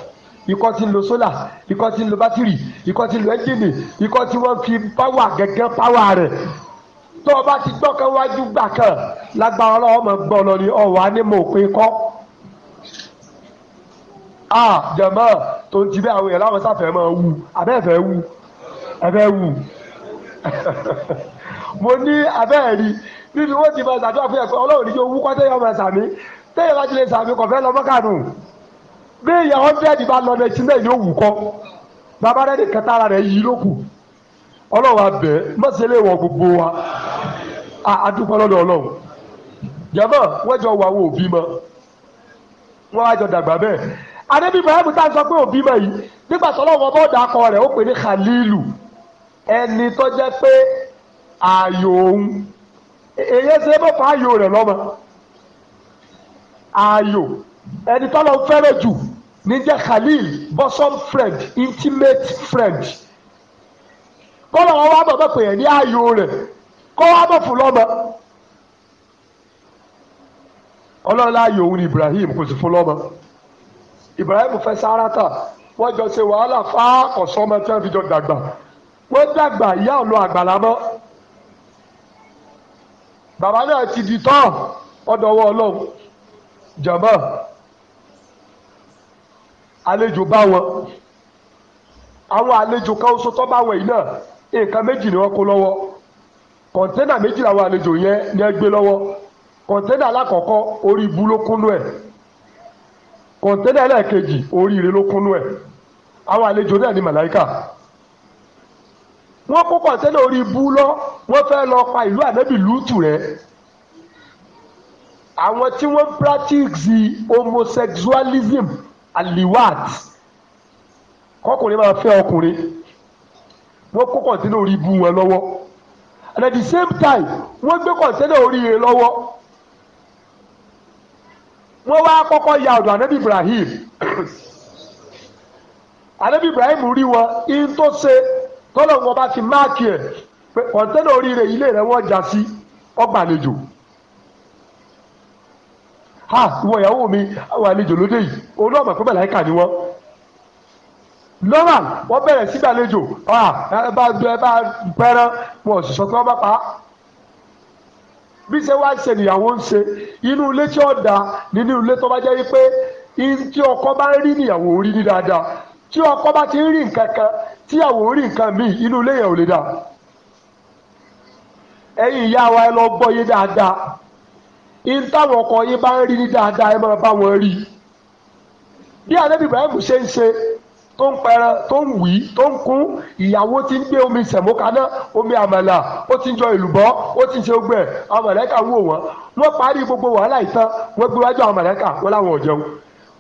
ikọ́ tí ń lo sólà ikọ́ tí ń lo bátìrì ikọ́ tí ń lo ẹ́ńjìnì ikọ́ tí wọ́n fi páwà gẹ́gẹ́ páwà rẹ̀ tó o bá ti gbọ́ kan wájú gbà kan lágbára ọlọ́wọ́ mọ̀ gbọ́ lọ ni ọ̀wá ní mò kọ́. a jẹ̀mọ́ tó ń ti bẹ́ẹ̀ àwọn èèyàn láwọn sáfẹ́ máa wú abẹ́ẹ̀fẹ́ wú ẹ̀fẹ́ wú. mo ní abẹ́ẹ̀rí níbi wọ́n ti máa ṣàdúrà fún ẹ̀kọ́ ọlọ́run níjó wú kọ́tẹ́ yọ máa sàmí tẹ́yẹ̀ bá ti lè sàmí kọ̀fẹ́ lọ́mọ́kànù. bí èèyàn hundred bá lọ ní sinmi èyí ó kọ́ bàbá rẹ̀ ni kẹta ara rẹ̀ yí lókù ọlọ́wà mọ́sẹ̀lẹ̀ wọ gbogbo wa àdúpọ̀ lọ́dọ̀ ọlọ́run jẹ́mọ́ wà wọ òbí mọ́ wọ́n wá jọ dàgbà bẹ́ẹ̀ tá a sọ pé òbí mọ́ yìí nígbà sọ́lọ́ wọn bọ́ rẹ̀ ó pè ní khalilu ẹni tó jẹ́ pé ààyò òun èyí ààyò rẹ̀ lọ́mọ ààyò ẹni níjẹ́ Khalil bosom friend intimate friend kọ́lá wọn wá bọ̀ bẹ́ẹ̀ pè é ní ààyò rẹ̀ kọ́ wá bọ̀ fún lọ́mọ ọlọ́run láàyò òun ni Ibrahim kò sì fún lọ́mọ Ibrahim fẹ́ Sárátà wọ́n jọ ṣe wàhálà fá ọ̀sánmọ́ tí wọ́n fi jọ dàgbà wọ́n dàgbà ìyá ọ̀lọ́ àgbàlá mọ́ bàbá náà ti di tán ọ̀dọ̀ ọwọ́ ọlọ́run jàmbá àlejò bá wọn àwọn àlejò kan oṣù tó bá wọn yìí náà nǹkan méjì ni wọ́n kó lọ́wọ́ kọ̀ńténà méjì làwọn àlejò yẹn ni ẹ gbé lọ́wọ́ kọ̀ńténà alákọ̀ọ́kọ́ orí ibú ló kúnú ẹ̀ kọ̀ńténà ẹlẹ́ẹ̀kejì orí ire ló kúnú ẹ̀ àwọn àlejò náà ni màláìkà wọ́n kó kọ̀ńténà orí ibú lọ wọ́n fẹ́ lọ pa ìlú ànábì lùtù rẹ̀ àwọn tí wọ́n practice homosexualism aliwat kọkùnrin máa fẹ́ ọkùnrin wọ́n kó kọ̀ǹtẹ́nà orí ibu wọn lọ́wọ́ and at the same time wọ́n gbé kọ̀ǹtẹ́nà orí rẹ̀ lọ́wọ́ wọ́n wá kọ́kọ́ ya ọ̀dọ̀ anabi ibrahim anabi ibrahim rí wọn in tó ṣe tọ́lọ̀ wọn bá fi máàkì ẹ̀ pé kọ̀ǹtẹ́nà orí rẹ̀ ilé rẹ̀ wọ́n já sí ọgbàlejò. ha wọn ìyàwó mi àwọn àlejò lóde yìí òun náà mọ̀ pé ni wọ́n lọ́wọ́ wọ́n bẹ̀rẹ̀ sí gbàlejò ẹ bá pẹ́rán sọ pé wọ́n bá pa á bí ṣe wá ṣe ń ṣe inú ilé tí ó da nínú ilé tó bá jẹ́ tí ọkọ bá rí rí ní dáadáa tí ọkọ bá ti rí nǹkan kan tíyàwó rí nǹkan míì inú ilé yẹn ò lè dà ìyá wa ẹ lọ gbọ́ yé ihun táwọn ọkọ yín bá ń rí ní dáadáa ẹ máa bá wọn rí bí ànábì Ibrahim ṣe ń ṣe tó ń pẹran tó ń wí tó ń kún ìyàwó ti ń gbé omi sẹ̀mókaná omi àmàlà ó ti ń jọ ìlùbọ́ ó ti ń ṣe ogbẹ̀ àwọn mọ̀lẹ́kà wò wọ́n wọ́n parí gbogbo wàhálà ìtàn wọ́n gbé wájú àwọn mọ̀lẹ́kà wọ́n láwọn ò jẹun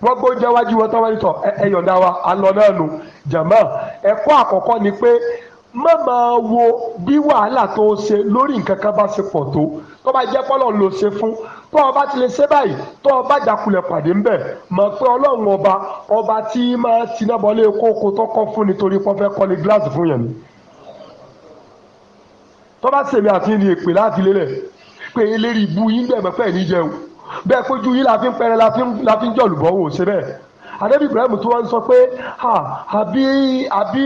wọ́n gbóúnjẹ wájú wọn tán wọ́n ní tọ̀ ẹ yọ̀ǹda wa à ń lọ náà nù jàmọ́ ẹ̀kọ́ àkọ́kọ́ ni pé má máa wo bí wàhálà tó ṣe lórí nǹkan kan bá ṣe pọ̀ tó tó bá jẹ́ pọ́lọ́ ló ṣe fún tó o bá ti lè ṣe báyìí tó o bá jàkulẹ̀ pàdé ńbẹ̀ mọ̀ pé ọlọ́run ọba ọba tí máa tiná bọ́lé kókó tó kọ́ fún nítorí pọ́n fẹ́ kọ́lé gíláàsì fún yẹn ni tó bá ṣèmi àti ní èpè láti lélẹ̀ pé eléri ibú yín bẹ̀ mọ́pẹ́ ní jẹun bẹ́ẹ̀ kójú yín la fi ń pẹrẹ la fi ń jọ̀lùbọ́ wò ṣe bẹ́ẹ̀ anabi ibrahim tó wá ń sọ pé àbí àbí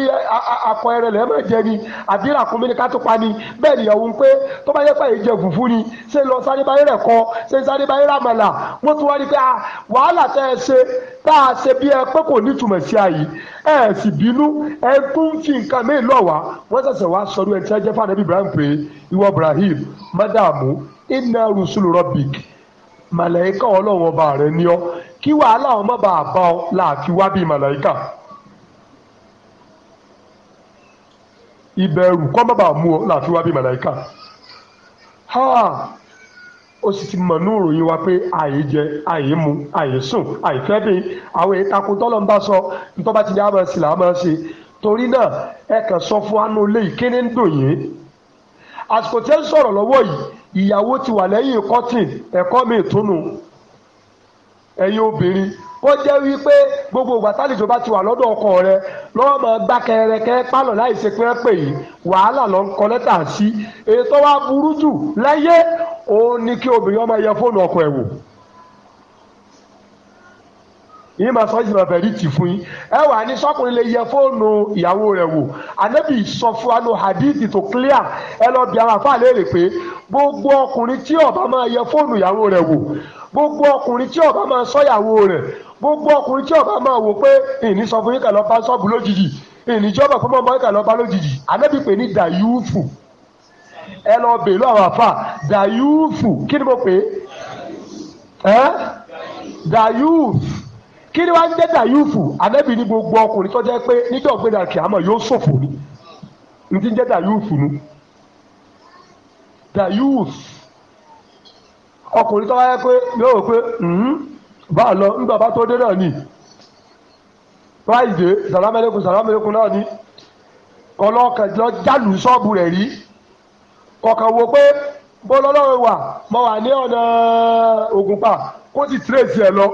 akọ ẹrẹ lẹ́ẹ̀ máa jẹ ni àbí ràkúnmí ni ká tó pa ni bẹ́ẹ̀ ni ìyàwó ń pé tó bá yẹ pé èyí jẹ fùfú ni ṣé lọ sáré báyìí rẹ̀ kọ ṣé sáré báyìí rà màlà wọ́n tún wá rí pé wàhálà tẹ́ ẹ ṣe tá a ṣe bí ẹ pé kò nítumọ̀ sí àyè ẹ sì bínú ẹ tó ń fi nǹkan mí lọ wá wọ́n ṣẹ̀ṣẹ̀ wá sọ̀rọ̀ ẹ̀ tí wọ́n jẹ́ fún anabi ibrahim pé ìwọ ibrahim mádàmú iná rusulu rọ́bìkì màláìka ọlọ́run ọba rẹ̀ ni ọ́ kí wàhálà àwọn mọ́ba àbá ọ láàfin wá bíi màláìka. ìbẹ̀rù kọ́ mọ́ba mú ọ láàfin wá bíi màláìka. ha ó sì ti mọ̀ ní ìròyìn wa pé àyè jẹ àyè mu àyè àwọn èyí tọ́lọ́ ń bá sọ nítorí bá ti torí náà ẹ kàn sọ fún ìyàwó ti wà lẹ́yìn kọ́tìn ẹ̀kọ́ mi ìtúnu ẹ̀yin obìnrin kó jẹ́ wípé gbogbo ìgbà tálejò bá ti wà lọ́dọ̀ ọkọ rẹ lọ́wọ́ máa gbá kẹrẹkẹ pálọ̀ láì ṣe pé pè yìí wàhálà ló ń kọ lẹ́tà sí èyí tó wá burú jù láyé òun ni kí obìnrin ọmọ yẹ fóònù ọkọ ẹ̀ wò yìí máa sọ yìí máa bẹ̀rẹ̀ tì fún yín ẹ wà ní sọkùnrin lè yẹ fóònù ìyàwó rẹ̀ wò ànábì sọ fún anu hadith tó clear ẹ lọ bí àwọn àfáà léèrè pé gbogbo ọkùnrin tí ó bá máa yẹ fóònù ìyàwó rẹ̀ wò gbogbo ọkùnrin tí ó bá máa sọ ìyàwó rẹ̀ gbogbo ọkùnrin tí ó bá máa wò pé ìní sọ fún yín kà lọ bá sọ́ọ̀bù lójijì ìní jọba fún mọ́mọ́ yín kà lọ bá lójijì ànábì pè ní kí ni wàá dayufu, dẹ́dà yúùfù ànábì ní gbogbo ọkùnrin tó jẹ́ pé níjọ́ kìámọ̀ yóò ṣòfò ni ní ti ń jẹ́ dàyúùfù nu dàyúùfù ọkùnrin tó wáyé pé yóò wò pé hmm, lọ nígbà bá tó dé náà ni fáìdé sàlámẹ́lẹ́kùn sàlámẹ́lẹ́kùn náà ni ọlọ́ọ̀kan lọ jálù ṣọ́ọ̀bù rẹ̀ rí ọkàn wo pé bó lọ́lọ́run mo wà ní ọ̀nà ògùnpá kó sì tírèsì ẹ̀ lọ.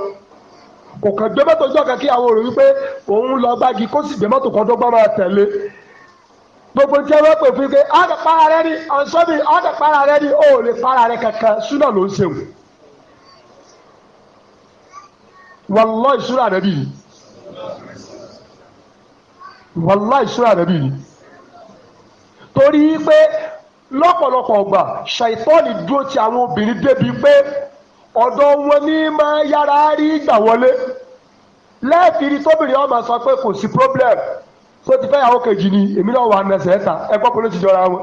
kò kàn gbé mọ́tò jọ́ kan kí àwọn òrò wípé òun lọ gbági kó sì gbé mọ́tò kan tó gbọ́n máa tẹ̀lé gbogbo tí wọ́n pè fún pé ọ̀dọ̀ para rẹ ni ọ̀sọ́bì ọ̀dọ̀ para rẹ ni ó lè para rẹ kankan súnà ló ń sèwò wàlọ́ ìṣúra rẹ bì ní wàlọ́ ìṣúra rẹ bì ní torí pé lọ́pọ̀lọpọ̀ ọgbà ṣàìtọ́ọ̀nì dúró ti àwọn obìnrin débi pé ọ̀dọ̀ wọn ní máa yára rí ìgbà wọlé lẹ́ẹ̀fìrí tóbìnrin ọmọ sọ pé kò sí problem tó ti fẹ́ yàwó kejì ni èmi náà wà nẹsẹ̀ ẹ̀ta ẹgbọ́n kò ló ti jọra wọn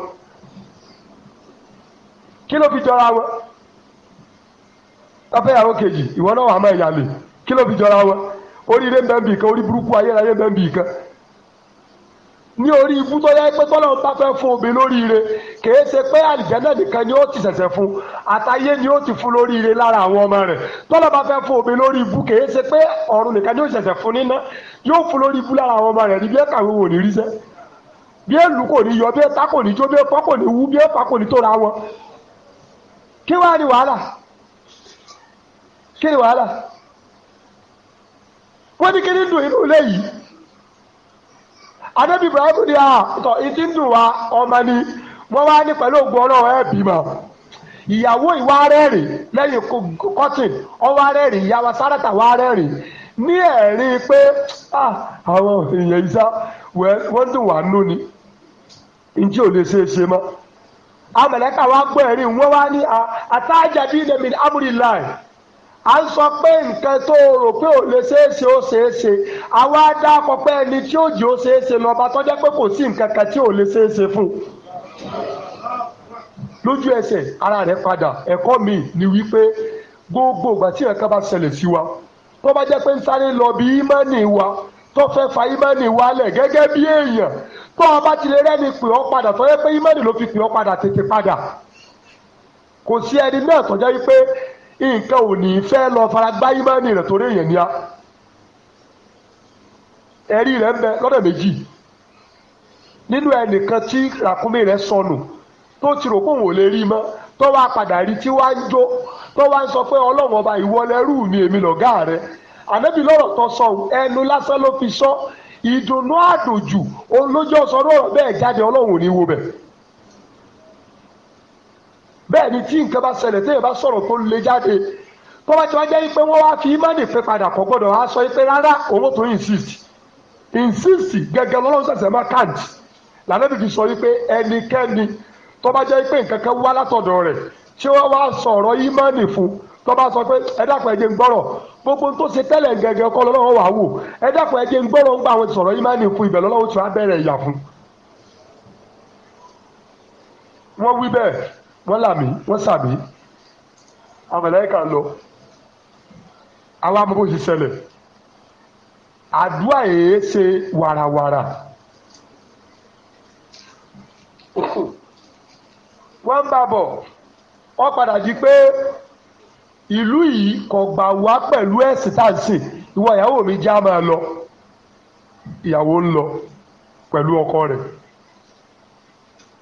kí ló fi jọra wọn tó fẹ́ yàwó kejì ìwọ náà wà máa yàlè kí ló fi jọra wọn oríire ń bẹ́ẹ̀ bì kan orí burúkú ayé ayé kan ní orí ibú tó yẹ pé tọ́lọ́ bá fẹ́ fún obìnrin lóríire kìí ṣe pé àlìjáná nìkan ni ó ti ṣẹ̀ṣẹ̀ fún àtayé ni ó ti fún lóríire lára àwọn ọmọ rẹ̀ tọ́lọ́ bá fẹ́ fún obìnrin lórí ibú kìí ṣe pé ọ̀run nìkan ni ó ṣẹ̀ṣẹ̀ fún níná yóò fún lórí ibú lára àwọn ọmọ rẹ̀ ní bí ẹ̀ka àwọn òní ríṣẹ́ bí èlù kò ní yọ bí ẹ̀ta kò ní jó bí ẹ̀pọ́ kò ní wú bí ẹ̀pá kò ní tó ra wọn kí wàá ní wàhálà kí ni wàhálà wọ́n ní kí ní dùn inú ilé yìí adébí ibrahim ni a ah, tọ ìdí wa ọmọ ni wá ní pẹ̀lú ògbó ọlọ́run ẹ̀ bímọ ìyàwó lẹ́yìn kọ́tìn ìyàwó sáràtà wà ní ẹ̀rí pé ah, àwọn èèyàn ni ò lè ṣe wá ní ah, àtàjà bíi a ń sọ pé nǹkan tó rò pé ò lè ṣeéṣe ó ṣeéṣe àwa dá akọ pé ẹni tí ó jì ó ṣeéṣe lọ́ba tó jẹ́ pé kò sí nǹkan kan tí ò lè ṣeéṣe fún un lójú ẹsẹ̀ ara rẹ̀ padà ẹ̀kọ́ mi ni wípé gbogbo ìgbà tí ẹ̀ka bá ṣẹlẹ̀ sí wa tó bá jẹ́ pé ń sáré lọ bí ímánì wa tó fẹ́ fa ímánì wa lẹ̀ gẹ́gẹ́ bí èèyàn tó o bá ti lè rẹ́ni pè ọ́ padà tó yẹ pé ímánì ló fi pè ọ́ padà tètè padà kò sí ẹni náà tó wípé nǹkan ò ní fẹ́ lọ fara gbá ìmánì rẹ̀ torí èèyàn ni a ẹ̀rí rẹ̀ ń bẹ lọ́nà méjì nínú ẹnìkan tí ràkúnmí rẹ̀ sọnù tó ti rò pé ò lè rí mọ́ tó wá padà rí tí wá ń jó tó wá ń sọ pé ọlọ́run ọba ìwọ lẹ́rú mi èmi lọ̀gá rẹ̀ ànábì lọ́rọ̀ tó sọ ẹnu lásán ló fi sọ ìdùnnú àdòjù olójó sọ lọ́rọ̀ bẹ́ẹ̀ jáde ọlọ́run ò ní wo bẹ́ẹ̀. bẹ́ẹ̀ ni tí nǹkan bá ṣẹlẹ̀ téèyàn bá sọ̀rọ̀ kó lè jáde tó bá ti wá jẹ́ pé wọ́n wá fi ìmánì pé padà kọ́ gbọ́dọ̀ wá sọ pé rárá owó tó insist insist gẹ́gẹ́ lọ́lọ́run ṣẹ̀ṣẹ̀ máa count lànàbí fi sọ pé ẹnikẹ́ni tó bá jẹ́ pé nǹkan kan wá látọ̀dọ̀ rẹ̀ tí wọ́n wá sọ̀rọ̀ fún tó bá sọ pé ẹ ẹ jẹ́ wọ́n làmì wọ́n sàmì àwọn màláíkà lọ àwọn amọ̀bó sì ṣẹlẹ̀ àdúrà yìí ṣe wàràwàrà wọ́n ń bàbọ̀ wọ́n padà di pé ìlú yìí kò gbà wá pẹ̀lú ẹ̀sìn tá à ń sìn ìwọ ìyàwó mi já máa lọ ìyàwó ń lọ pẹ̀lú ọkọ rẹ̀.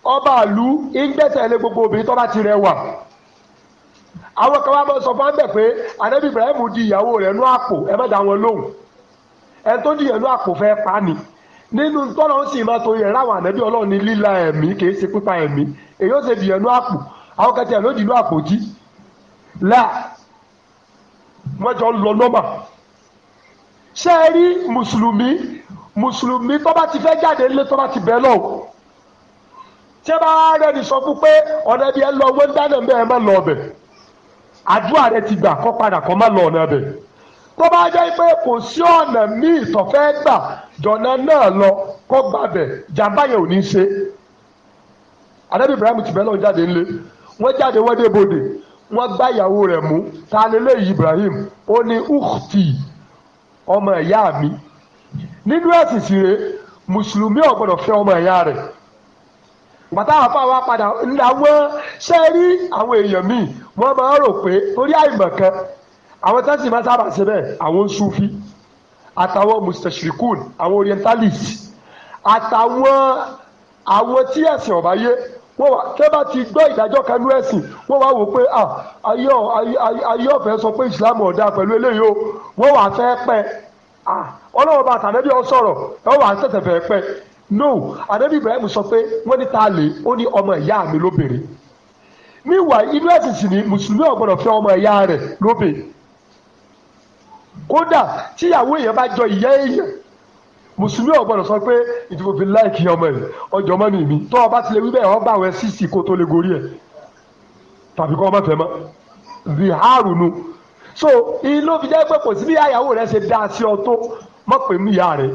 ọba àlú ń gbẹ́sẹ̀ gbogbo obìnrin tó ti rẹwà àwọn kan wá máa sọ fún ibrahim di ìyàwó rẹ nú àpò ẹ má dá wọn lóhùn ẹ tó di ìyàwó àpò fẹ́ pa ni nínú tọ́lọ̀ ń sì máa tó yẹ láwọn anabi ọlọ́run ní líla ẹ̀mí kìí ṣe pípa ẹ̀mí èyí ó ṣe di àpò àwọn ló di là wọ́n jọ ń tí ẹ bá rẹ̀ ní sọ fún pé ọ̀nà ibi ẹ lọ owó ń dáná bẹ́ẹ̀ má lọ ọbẹ̀ àdúrà rẹ ti gbà kọ́ padà kọ́ má lọ ọ̀nà ọbẹ̀ tó bá jẹ́ pé kò sí ọ̀nà míì tó fẹ́ gbà jọ̀nà náà lọ kọ́ gbàbẹ̀ jàmbá yẹn ò ní ṣe àdàbí Ibrahim ti bẹ́ẹ̀ lọ jáde ńlẹ̀ wọ́n jáde wọ́n dé bodè wọ́n gbá ìyàwó rẹ̀ mú ta lélẹ́yìí Ibrahim ó ní ukhti ọmọ ìyá mi nínú ẹ̀sìn sí rẹ̀ mùsùlùmí ò fẹ́ ọmọ ìyá rẹ̀ bàtà àfa wa padà ńlá wọn ṣe rí àwọn èèyàn míì wọ́n máa rò pé torí àìmọ̀ kan àwọn tẹ́sí máa sábà ṣe àwọn sufi àtàwọn mustachirikun àwọn orientalist àtàwọn àwọn tí ẹ̀sìn ọ̀bá yé wọ́n wá tẹ́ bá ti gbọ́ ìdájọ́ kanú ẹ̀sìn wọ́n wá wò pé ah, ayọ̀ ayọ̀ fẹ́ sọ pé islam ọ̀dà pẹ̀lú eléyìí o wọ́n wá fẹ́ pẹ́ ah, ọlọ́wọ́ bá tàbí ọ sọ̀rọ̀ ẹ wà tẹ̀sẹ̀ fẹ́ pẹ́ no anabi ibrahim sọ pé wọ́n ní ta lè ó ní ọmọ ìyá mi lóbìnrin meanwhile inú ẹ̀sìn sì ni mùsùlùmí ò gbọ́dọ̀ fẹ́ ọmọ ìyá rẹ̀ lóbìnrin kódà tíyàwó èèyàn bá jọ ìyá èèyàn mùsùlùmí ò gbọ́dọ̀ sọ pé ìdìbòfin láìkì ọmọ ẹ̀ ọjọ́ mọ́mì mi tó o bá ti lè wí bẹ́ẹ̀ ọba àwọn ẹ̀sìsì kó tó lè gorí ẹ̀ tàbí kó o má fẹ́ mọ́ ziharu nu so ìlú fi jẹ́ pé kò sí bí àyàwó rẹ̀ ṣe dá sí ọ tó mọ̀ pé níyà rẹ̀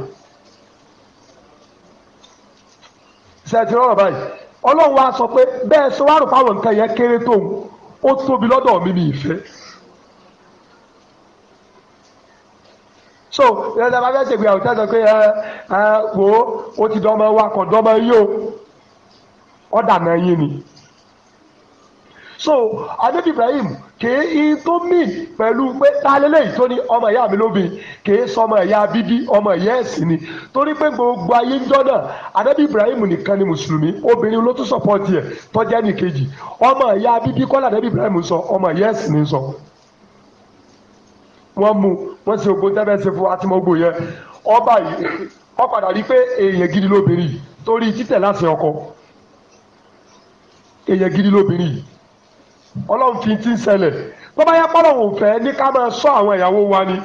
ṣe ti rọrọ báyìí ọlọ́run wa sọ pé bẹ́ẹ̀ ṣe wàá rò fáwọn nǹkan yẹn kéré tóun ó tóbi lọ́dọ̀ mi ní ìfẹ́. so ìrẹsì àbáfẹ́ ṣègbéyàwó tẹ́sán pé ẹ wò ó ó ti dánmọ́ wa kàn dánmọ́ yìí o ọ̀dà náà yín ni. so adébí Ibrahim kèé tó mì pẹ̀lú pé tálélẹ̀ yìí tó ní ọmọ ìyá mi lóbìn kèé sọmọ ìyá bíbí ọmọ ìyá ẹ̀sìn ni torí pé gbogbo ayé ń jọ́nà anábì ibrahim nìkan ni mùsùlùmí obìnrin ló tún sọpọ́ọ̀tì ẹ̀ tọ́jà nìkejì ọmọ ìyá bíbí kọ́lá anábì ibrahim sọ ọmọ ìyá ẹ̀sìn ni sọ. wọ́n mú wọ́n ṣe ogun tẹ́fẹ́ ṣe fún atimọ́gbò yẹn ọba yìí wọ́n padà rí pé èèyàn gidi lóbìnrin yìí torí títẹ̀ láti ọkọ èèyàn gidi lóbìnrin yìí ọlọ́run fi ti ń sẹlẹ̀ tó bá yá pọ́lọ́run fẹ́ ní ká máa sọ àwọn ìyàwó wa ni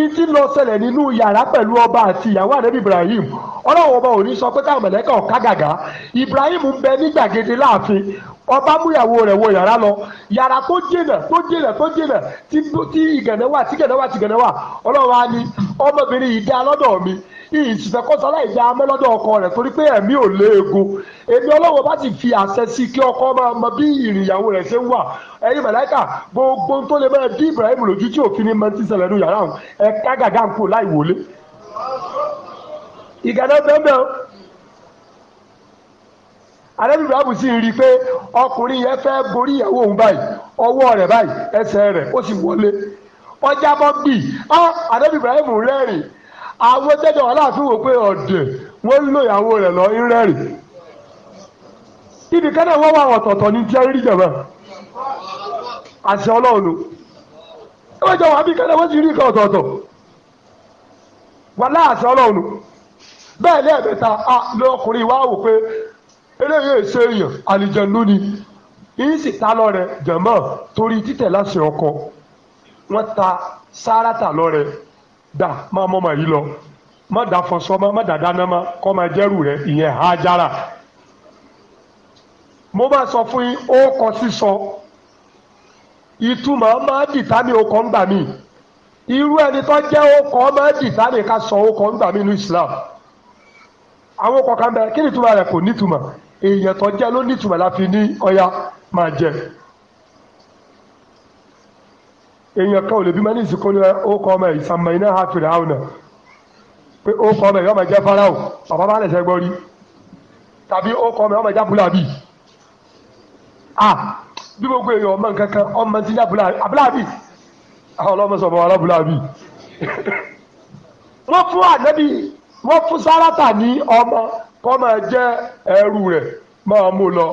ìtí lọ ṣẹlẹ̀ nínú yàrá pẹ̀lú ọba àti ìyàwó àdébí Ibrahim ọlọ́run ọba ò sọ pé táwọn mẹ̀lẹ́kà ọ̀ká Ibrahim ń bẹ ní gbàgede láàfin ọba múyàwó rẹ̀ wọ yàrá lọ yàrá tó jìnà tó jìnà tó jìnà tí ìgànnẹ́wà tí ìgànnẹ́wà tí ìgànnẹ́wà ọlọ́run á ní mi ìṣùfẹ́kọ́sọ aláìjẹ amọ́ lọ́dọ̀ ọkọ rẹ̀ torí pé ẹ̀mí ò léegun èmi ọlọ́wọ́ bá ti fi àṣẹ sí kí ọkọ máa mọ bí ìrìnyàwó rẹ̀ ṣe ń wà ẹ̀yin mẹ̀láìkà gbogbo tó lè mẹ́rẹ̀ bí Ibrahim lójú tí òfin ni mẹ́tí yàrá ẹ̀ ká gàgà ń láì wọlé. Ibrahim sì ń rí i pé ọkùnrin yẹn fẹ́ borí ìyàwó òun báyìí ọwọ́ rẹ̀ báyìí àwọn tẹ́jọ́ wà láàfin wò pé ọ̀dẹ̀ wọ́n ń lo ìyàwó rẹ̀ lọ ńrẹ́rì ibi kan náà wọ́n wà ọ̀tọ̀ọ̀tọ̀ ní tí a rí jẹ̀mọ́ àṣẹ ọlọ́run ló wọ́n jọ wà bí kan náà wọ́n ti rí nǹkan ọ̀tọ̀ọ̀tọ̀ wà láàṣẹ ọlọ́run bẹ́ẹ̀ ní ẹ̀mẹ́ta lọkùnrin wa wò pé eléyìí èso èèyàn àlìjẹ̀nu ni yìí sì ta lọ rẹ̀ jẹ̀mọ́ torí títẹ̀ láṣẹ ọkọ wọ́n ta sáràtà lọ rẹ̀ da máa mọ́ ma yìí lọ má dà fọṣọ má má dà dáná má rẹ ìyẹn mo bá sọ fún yín ó kọ sísọ ìtumọ̀ máa dìtà ní okọ̀ ńgbà mí irú ẹni tó jẹ́ okọ̀ máa dìtà ní ká sọ okọ̀ ńgbà mí ní Islam àwọn okọ̀ kan bẹ kí ni ìtumọ̀ rẹ kò nítumọ̀ èèyàn tó jẹ́ ló nítumọ̀ láfi ní ọya máa èèyàn kan ò lè bímọ ní ìsìnkú ni ó kọ ọmọ ìsàmì iná ha fìrà àwọn nà pé ó kọ ọmọ ìyọ́mọ jẹ́ farao bàbá bá lẹ̀sẹ̀ gbọ́ rí tàbí ó kọ ọmọ ìyọ́mọ jẹ́ abúlábì à bí gbogbo èèyàn ọmọ nǹkan kan ọmọ ti jẹ́ abúlábì àwọn ọlọ́mọ sọ̀rọ̀ wọn abúlábì wọ́n fún ànábì wọ́n fún sáràtà ní ọmọ kọ́ máa jẹ́ ẹrú rẹ̀ máa mú lọ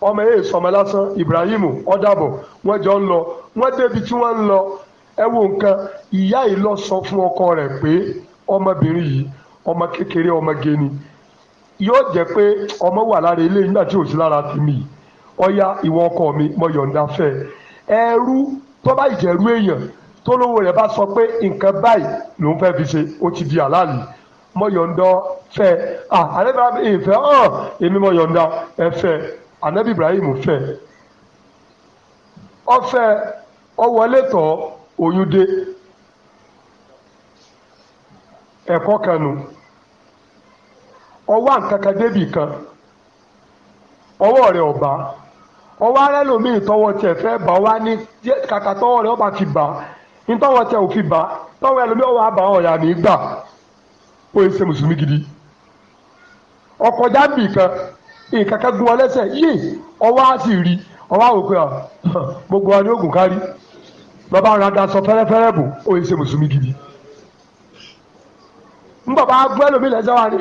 ọmọ yẹn sọmọ lásán Ibrahim ọdàbọ wọ́n jọ ń lọ wọ́n débi tí wọ́n ń lọ ẹ wo nǹkan ìyá yìí lọ sọ fún ọkọ rẹ̀ pé ọmọbìnrin yìí ọmọ kékeré ọmọge ni yóò jẹ́ pé ọmọ wà lára ilé nígbà tí ò sí lára tèmi yìí ọya ìwọ ọkọ mi mo yọ̀ǹda fẹ́ ẹrú tó bá ìjẹ̀rú èèyàn tó lówó rẹ̀ bá sọ pé nǹkan báyìí lòun fẹ́ fi ṣe ó ti di àlàálì mo yọ̀ǹda fẹ́ à àlẹ́ bá ìfẹ́ hàn èmi mo yọ̀ǹda ẹ fẹ́ anabi ibrahim fẹ́ ọfẹ́ ọwọlétọ̀ oyún dé ẹ̀kọ́ kan nu ọwọ́ àǹkankan débì kan ọwọ́ rẹ̀ ọ̀bá ọwọ́ arẹ́ lòmíì tọwọ́ tiẹ̀ fẹ́ bá wá ní kàkà tọwọ́ rẹ̀ ọba ti bá nítọwọ́ tiẹ̀ ò bá tọwọ́ ẹlòmíì ọwọ́ àbá ọ̀yà ní gbà ó yẹ ṣe mùsùlùmí gidi ọkọjá bì kan ìkankan gun ọ lẹ́sẹ̀ yé ọwọ́ á sì rí ọwọ́ àwòkọ à ah, gbogbo wa ni oògùn kárí bàbá ara da sọ fẹ́rẹ́fẹ́rẹ́ bò ó yẹ ṣe mùsùlùmí gidi n bàbá agbó ẹlòmíì lẹ́sẹ̀ wa ni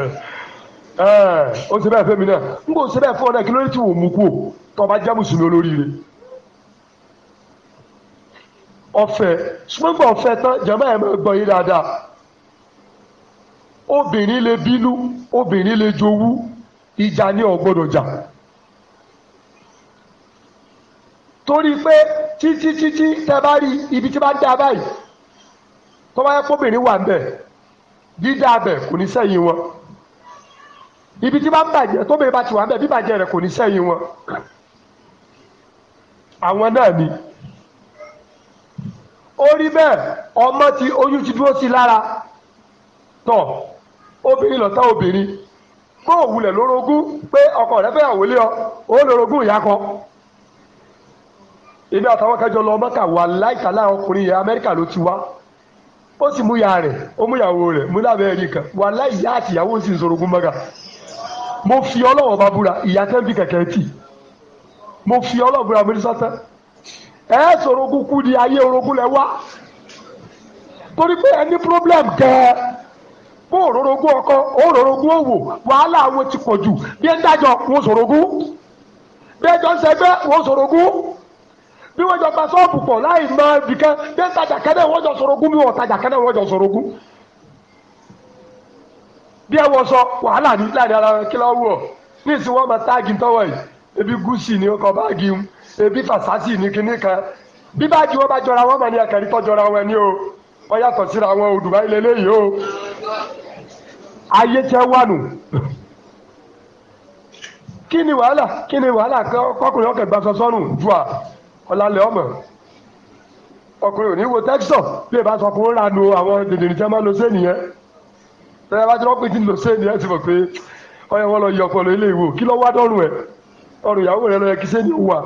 eh, ó ṣe bẹ́ẹ̀ fẹ́mi náà n kò ṣe bẹ́ẹ̀ fún ọ náà kí ló ti wò mú kú o tó o bá jẹ́ mùsùlùmí olóríire ọ̀fẹ́ ṣùgbọ́n ọ̀fẹ́ tán jàmbá ẹ̀ máa gbọ́ yín dáadáa obìnrin lè bínú obìnrin lè jowú ìjà ni ò gbọdọ̀ jà torí pé títí títí tẹ bá rí ibi tí bá dá báyìí tó bá yẹ kóbìnrin wà ńbẹ̀ dídá abẹ kò ní sẹ́yìn wọn ibi tí bá ń bàjẹ́ tóbìnrin bá ti wà ńbẹ̀ bíbàjẹ́ rẹ̀ kò ní sẹ́yìn wọn àwọn náà ni orí bẹ́ẹ̀ ọmọ ti oyún ti dúró sí lára tọ̀ obìnrin lọ́tà obìnrin pé òwúlẹ̀ lórogún pé ọkọ rẹ fẹ́ àwòlé ọ ó lórogún ìyá kan ibi àtàwọn kẹjọ lọ mọ́kà wà láìsàlá ọkùnrin yẹn amẹ́ríkà ló ti wá ó sì mú ya rẹ̀ ó mú ìyàwó rẹ̀ mú lábẹ́ ẹ̀rí kan wà láìyá àtìyàwó sì ń sorogún mo fi ọlọ́wọ́ bá búra ìyá tẹ́ ń kẹ̀kẹ́ tì mo fi ọlọ́wọ́ búra mi ní bó òrorogún ọkọ òrorogún òwò wàhálà wo ti pọ̀ jù bí ẹ dájọ wọn sòrogún bí ẹ ń sẹgbẹ́ wọn sòrogún bí wọ́n jọ gba sọ́ọ̀bù pọ̀ láì mọ ibìkan bí ń tajà jọ bí ní ìsìn wọn táàgì ebi gúúsì ebi fàṣásì ní kinní kan bí báàgì wọn bá jọra wọn o wọn yàtọ̀ síra wọn o Dubai o ayé tẹ wà nù kí ni wàhálà kí ni wàhálà kọkùnrin ọkẹ gbàsọ sọnù ju à ọlálẹ ọmọ ọkùnrin ò ní wo tẹkisọ bí ẹ bá sọ fún ranu àwọn dèdèrè tí a máa lọ sí ènìyàn tẹ́lẹ̀ bá ti rọ́pì tí lọ sí ènìyàn ti mọ̀ pé ọyọ wọn lọ yọ ọpọlọ ilé ìwò kí lọ wá dọrùn ẹ ọrùn ìyàwó rẹ lọ yẹ kí sẹni wà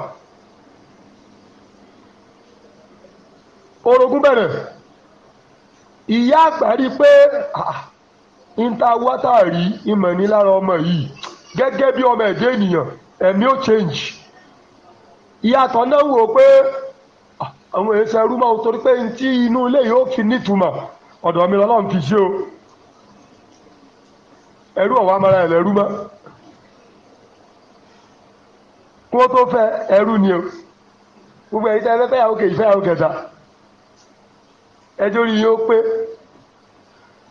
orogún bẹ̀rẹ̀. ìyá akpari pe i pé ah, intawata rí ìmọ̀ ní lára ọmọ yìí gẹ́gẹ́ bí ọmọ ẹ̀dẹ́ ènìyàn ẹ̀mí ò change ìyàtọ̀ náà wò pé ah, àwọn èèyàn ṣẹrú máa torí pé tí inú ilé fi nítumọ̀ ọ̀dọ̀ mi o ẹrú ọ̀wá mara ẹ̀ lẹ́rú mọ́ kó tó fẹ́ ẹrú ni o gbogbo ẹ̀yin tẹ́ fẹ́ fẹ́ yàwó kejì fẹ́ yàwó ẹjọ́ rí yóò pé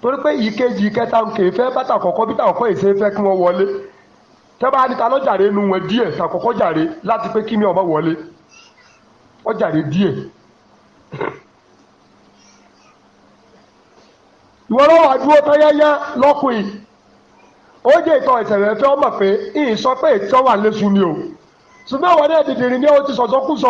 torí pé ìkejì ìkẹta nkè fẹ́ bàtà kọ̀kọ́ bí tàkọ́kọ́ èsè fẹ́ kí wọ́n wọlé tẹ́ bá ní ta ló jàre nu wọn díẹ̀ tàkọ́kọ́ jàre láti pé kí mi ọmọ wọlé wọ́n jàre díẹ̀ ìwọ lọ́wọ́ àdúró tán yáyá lọ́kùnrin ó jẹ́ ẹ̀sẹ̀ fẹ́ ọmọ pé ìyìn sọ pé ìtọ́ wà lẹ́sùn ni o ṣùgbọ́n ìwọ náà ní sọ̀tọ́kùsọ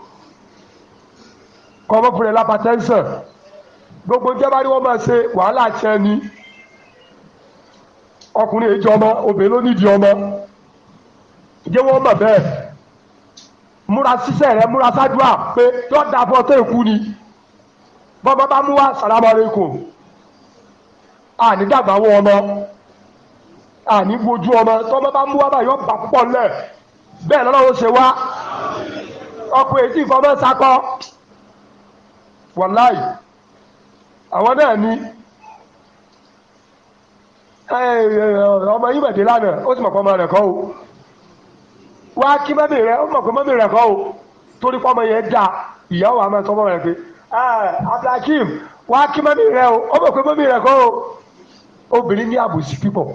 kọ́ ọmọ fúnra lápàtẹ́ńsàn gbogbo jẹ́ bá rí wọ́n máa ṣe wàhálà tiẹ̀ ni ọkùnrin èjì ọmọ obìnrin ló nídìí ọmọ jẹ́ wọ́n mọ̀ bẹ́ẹ̀ múra sísẹ́ rẹ múra sádùá pé yóò dà fún ọtọ́ ni bọ́bá bá mú wá sàlámù aláíkùm àní dàgbà wọ ọmọ àní wojú ọmọ tọ́mọ bá mú wá báyìí yóò bà púpọ̀ lẹ̀ bẹ́ẹ̀ lọ́lọ́run ṣe wá ọkùnrin èjì ìfọwọ́ sakọ wàláì àwọn náà ni ọmọ yìí mẹ̀tẹ́ lánàá ó sì mọ̀ pé ọmọ rẹ̀ kọ́ o wá kí mọ́mì rẹ̀ ó mọ̀ pé mọ́mì rẹ̀ kọ́ o torí pé ọmọ yẹn dà ìyàwó àmọ́ ẹ̀sọ́ ọmọ rẹ̀ pé ah, abdulhakeem wá kí mọ́mì rẹ̀ o ó mọ̀ pé mọ́mì rẹ̀ kọ́ o obìnrin ní àbòsí pípọ̀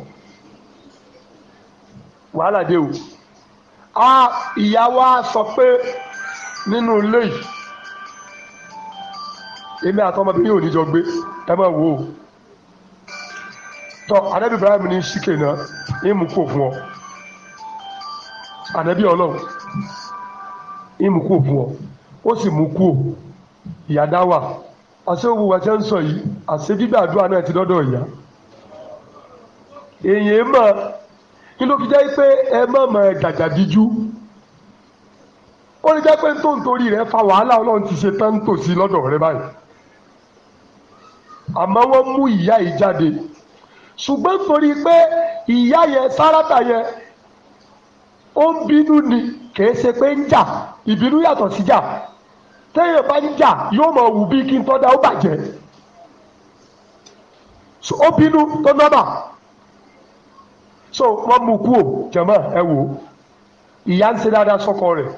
wàhálà dé o ah, ìyàwó a sọ pé nínú ilé yìí èmi àtọmọbìnrin yóò níjọ gbé ẹ máa wò ó tọ anabi ibrahim ní síkè náà ìmú kò fún ọ anabi ọlọ́run ìmú kò fún ọ ó sì mú kú ò ìyá dáwà àṣẹ òwú wa ṣe ń sọ yìí àṣẹ gbígbàdúrà náà ti dọ́dọ̀ ìyá èèyàn mọ kí ló fi jẹ́ pé ẹ mọ̀ mọ̀ ẹ jàjàbíjú ó lè jẹ́ pé ntòǹtorí rẹ fa wàhálà ọlọ́run ti ṣe tán tòsí lọ́dọ̀ rẹ báyìí àmọ́ wọ́n mú ìyá yìí jáde ṣùgbọ́n torí pé ìyá yẹn sáràtà yẹn ó ń bínú ni kìí ṣe pé ń jà ìbínú yàtọ̀ sí jà téèyàn bá ń jà yóò mọ̀ wù bí kí n tọ́da ó bàjẹ́ ó bínú tó nọ́mà so wọ́n mú kú ò jẹ̀mọ́ ẹ wò ìyá ń ṣe dáadáa sọ́kọ rẹ̀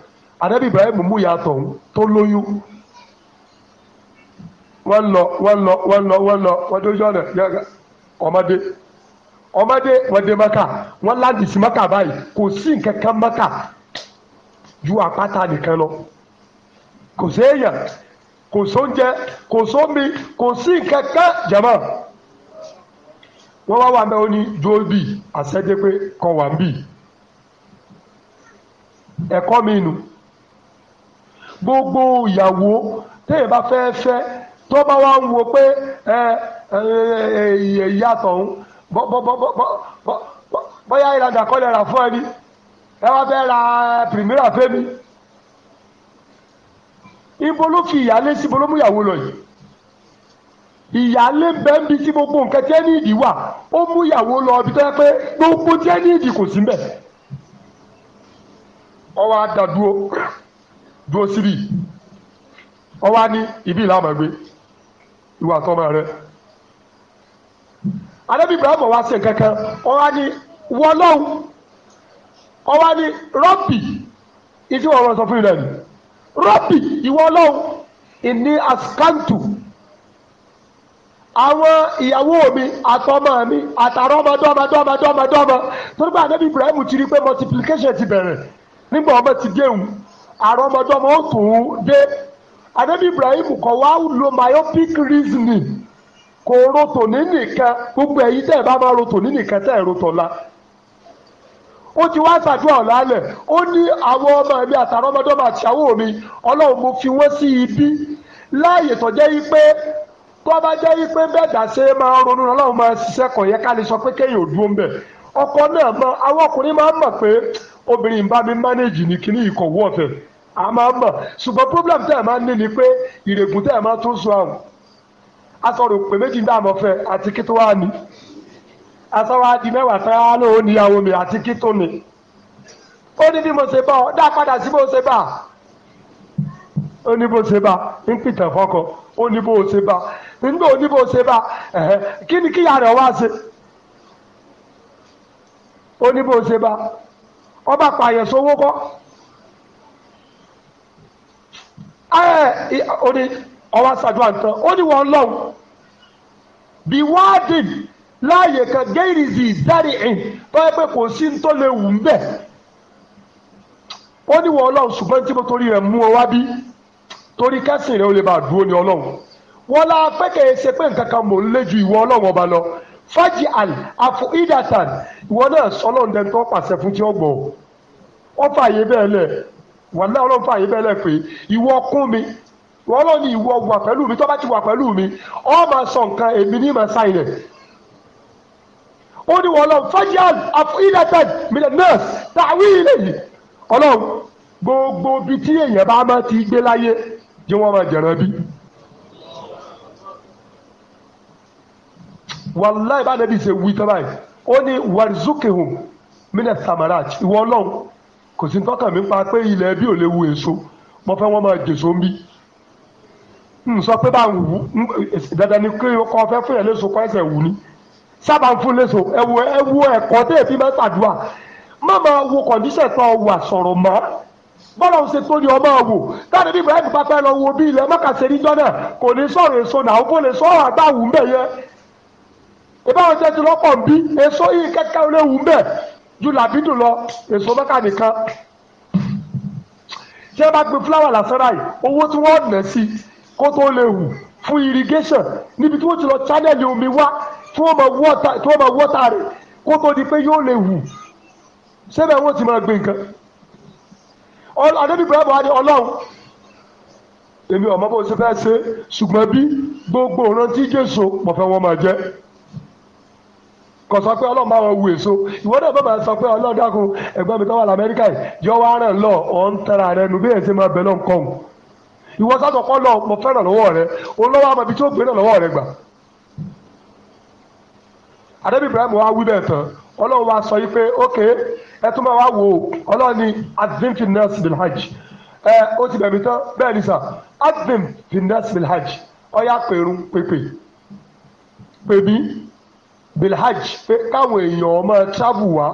àdẹ́bìbẹ́ mú ìyá tọ̀hún tó lóyún wọ́n lọ wọ́n lọ wọ́n lọ wọ́n lọ wọ́n dójú ọ̀nà yẹ́gà ọmọdé ọmọdé wọ́n dé mẹ́kà wọ́n láti sí mẹ́kà báyìí kò sí nǹkan kan mẹ́kà ju àpáta nìkan lọ kò séèyàn kò sóúnjẹ kò sómi kò sí nǹkan kan jẹ̀mọ́ wọ́n wá wà mẹ́wọ́n ní dúró àṣẹ́dẹ́pẹ́ kọ́ wà ń bì ẹ̀kọ́ mi nù gbogbo ìyàwó téèyàn bá fẹ́ fẹ́ tó bá wá ń wo pé ìyàtọ̀ ń bóyá ìlànà kọ́ lè rà fún ẹni ẹ wá fẹ́ ra pìrìmìrà fẹ́mi ibo ló fi ìyálé sí ibo ló mú ìyàwó lọ yìí ìyálé bẹ́ẹ̀ bí tí gbogbo nǹkan tí ẹni ìdí wà ó mú ìyàwó lọ ibi tó yẹ pé gbogbo tí ẹni ìdí kò sí mbẹ̀ ọwọ́ á dá dúró dúró síbi ọwọ́ á ní ibi ìlànà gbé ìwà sọmọ rẹ anabi ibrahim wá ṣe kankan ọwọ ni wọlọwù ọwọ ni rọbì ìdí wọn sọ fún ilẹ ni rọbì ìwọ ọlọ́wù ìní àsìkáǹtù àwọn ìyàwó mi àtọmọ mi àtàrọmọdọmọdọmọdọmọdọmọ torí pé anabi ibrahim ti rí pé multiplication ti bẹ̀rẹ̀ nígbà ọmọ ti dé òun àrọmọdọmọ ó tún dé. anabi ibrahim Kọwa wá lo myopic reasoning kò ro tòní nìkan gbogbo ẹ̀yin tẹ́ ẹ̀ bá máa ó ti wá ṣàdúrà ọ̀làálẹ̀ ó ní àwọn ọmọ mi àtàwọn àtìyàwó mi ọlọ́run mo fi wọ́n sí ibi láàyè tó jẹ́ yí pé tó bá jẹ́ yí pé bẹ́ẹ̀ dà máa ń ronú ọlọ́run máa ṣiṣẹ́ kọ̀ yẹ sọ pé kéèyàn ọkọ náà mọ àwọn ọkùnrin máa ń mọ̀ pé obìnrin bá mi ní kíní a máa mọ̀ ṣùgbọ́n problem tẹ́ ẹ̀ máa ń ní ni pé ìrègùn tẹ́ ẹ̀ máa tún sun àrùn asọ̀rọ̀ pé méjì ń dá àmọ́ fẹ́ àti kí tó wá ní asọ̀rọ̀ adi mẹ́wàá fẹ́ á lóun níyàwó mi àti kí tó ní ó ní bí mo ṣe bá ọ dá padà sí bó ṣe bá ó ní bó ṣe bá ń pìtàn fọkọ ó ní bó ṣe bá nígbà ó ní bó ṣe bá kí ni kíyà rẹ̀ wá ṣe ó ní bó ṣe bá ọba pààyàn sówó kọ́ ẹ ọ ní ọwọ́ àṣàdúrà nǹkan ó ní wọn lọ́wọ́ bí wádìí láàyè kan géèrè zì zárì ẹ̀ tó yẹ pé kò sí tó lè wù ń bẹ̀ ó ní wọn lọ́wọ́ ṣùgbọ́n tí mo torí rẹ̀ mú ọ wá bí torí kẹ́sìn rẹ̀ ó lè bá a dúró ní ọlọ́wọ́ wọn la pé kèé ṣe pé nǹkan kan mò ń lé ju ìwọ ọlọ́wọ́ ọba lọ fájì àlè àfọ ìdàtàn ìwọ náà sọlọ́ọ̀dẹ́ntọ́ pàṣẹ fún tí ó ọ fààyè bẹ́ẹ̀ lẹ̀ wàhálà ọlọ́run fààyè bẹ́lẹ̀ pé ìwọ kún mi wọ́n lọ ní ìwọ wà pẹ̀lú mi tó ti wà pẹ̀lú mi ọ máa sọ nǹkan èmi ní máa sáyìn rẹ̀ ó ní wọ́n lọ fayal afidatan minna nurse tàwí ilé yìí ọlọ́run gbogbo bí tí èèyàn bá máa ti gbé láyé jẹ́ wọ́n máa jẹ̀rán bí. wàláì bá nàbí ṣe wí tọ́ báyìí ó ní wàrzuqihum minna samarat ìwọ ọlọ́run kò sí tọ́kàn mi pa pé ilẹ̀ bí ò lè wu èso mo fẹ́ wọ́n máa jèso ń bí n sọ pé bá ń wù dandan ni kí ọkọ fẹ́ fún yẹn léso kọ́ ẹsẹ̀ wù ni sábà ń fún léso ẹwu ẹwu ẹ̀kọ́ tẹ̀ fi máa ṣàdúrà má máa wo kọ̀díṣẹ̀ tó wà sọ̀rọ̀ mọ́ bọ́lá ń ṣe tó ní ọmọ wò táwọn ibi Ibrahim bá fẹ́ lọ wo bí ilẹ̀ mọ́kàṣẹ́ níjọ́ náà kò ní sọ̀rọ̀ èso náà ó kò lè sọ̀rọ̀ àgbà wù ń bẹ̀ yẹn ìbáwọn jẹ́ ti lọ́kọ̀ ń bí èso yìí kẹ́kẹ́ léwu ń bẹ̀ ju làbídùn lọ èso mẹ́ka nìkan tí ẹ bá gbé fúláwà lásán ráì owó tí wọ́n nà sí kó tó lè wù fún irrigation níbi tí wọ́n ti lọ channel omi wá tí wọ́n máa wọ́ta tí wọ́n máa wọ́ta rẹ̀ kó tó di pé yóò lè wù sẹ́bẹ̀ wọ́n ti máa gbé nǹkan adébíbọ̀ ẹ̀bọ̀ adé ọlọ́run èmi ọ̀mọ́ ṣe fẹ́ ṣe ṣùgbọ́n bí gbogbo ìrántí Jésù mo fẹ́ máa jẹ́. kò sọ pé ọlọ́run bá wọn wù èso ìwọ náà bàbá sọ pé ọlọ́run dákun ẹ̀gbọ́n mi tó wà lamẹ́ríkà yìí yọ wá lọ ọ̀n tara rẹ nu bí èsì máa bẹ̀ lọ́n kọ́ òun ìwọ sátọ̀ kọ́ lọ mo fẹ́ràn lọ́wọ́ àmọ́ ibi tí ó gbé lọ́wọ́ gbà. Ibrahim wí bẹ́ẹ̀ ókè ẹ tún máa wá wò ó ọlọ́run ni hajj bilhaj pé káwọn èèyàn ọmọ travel wá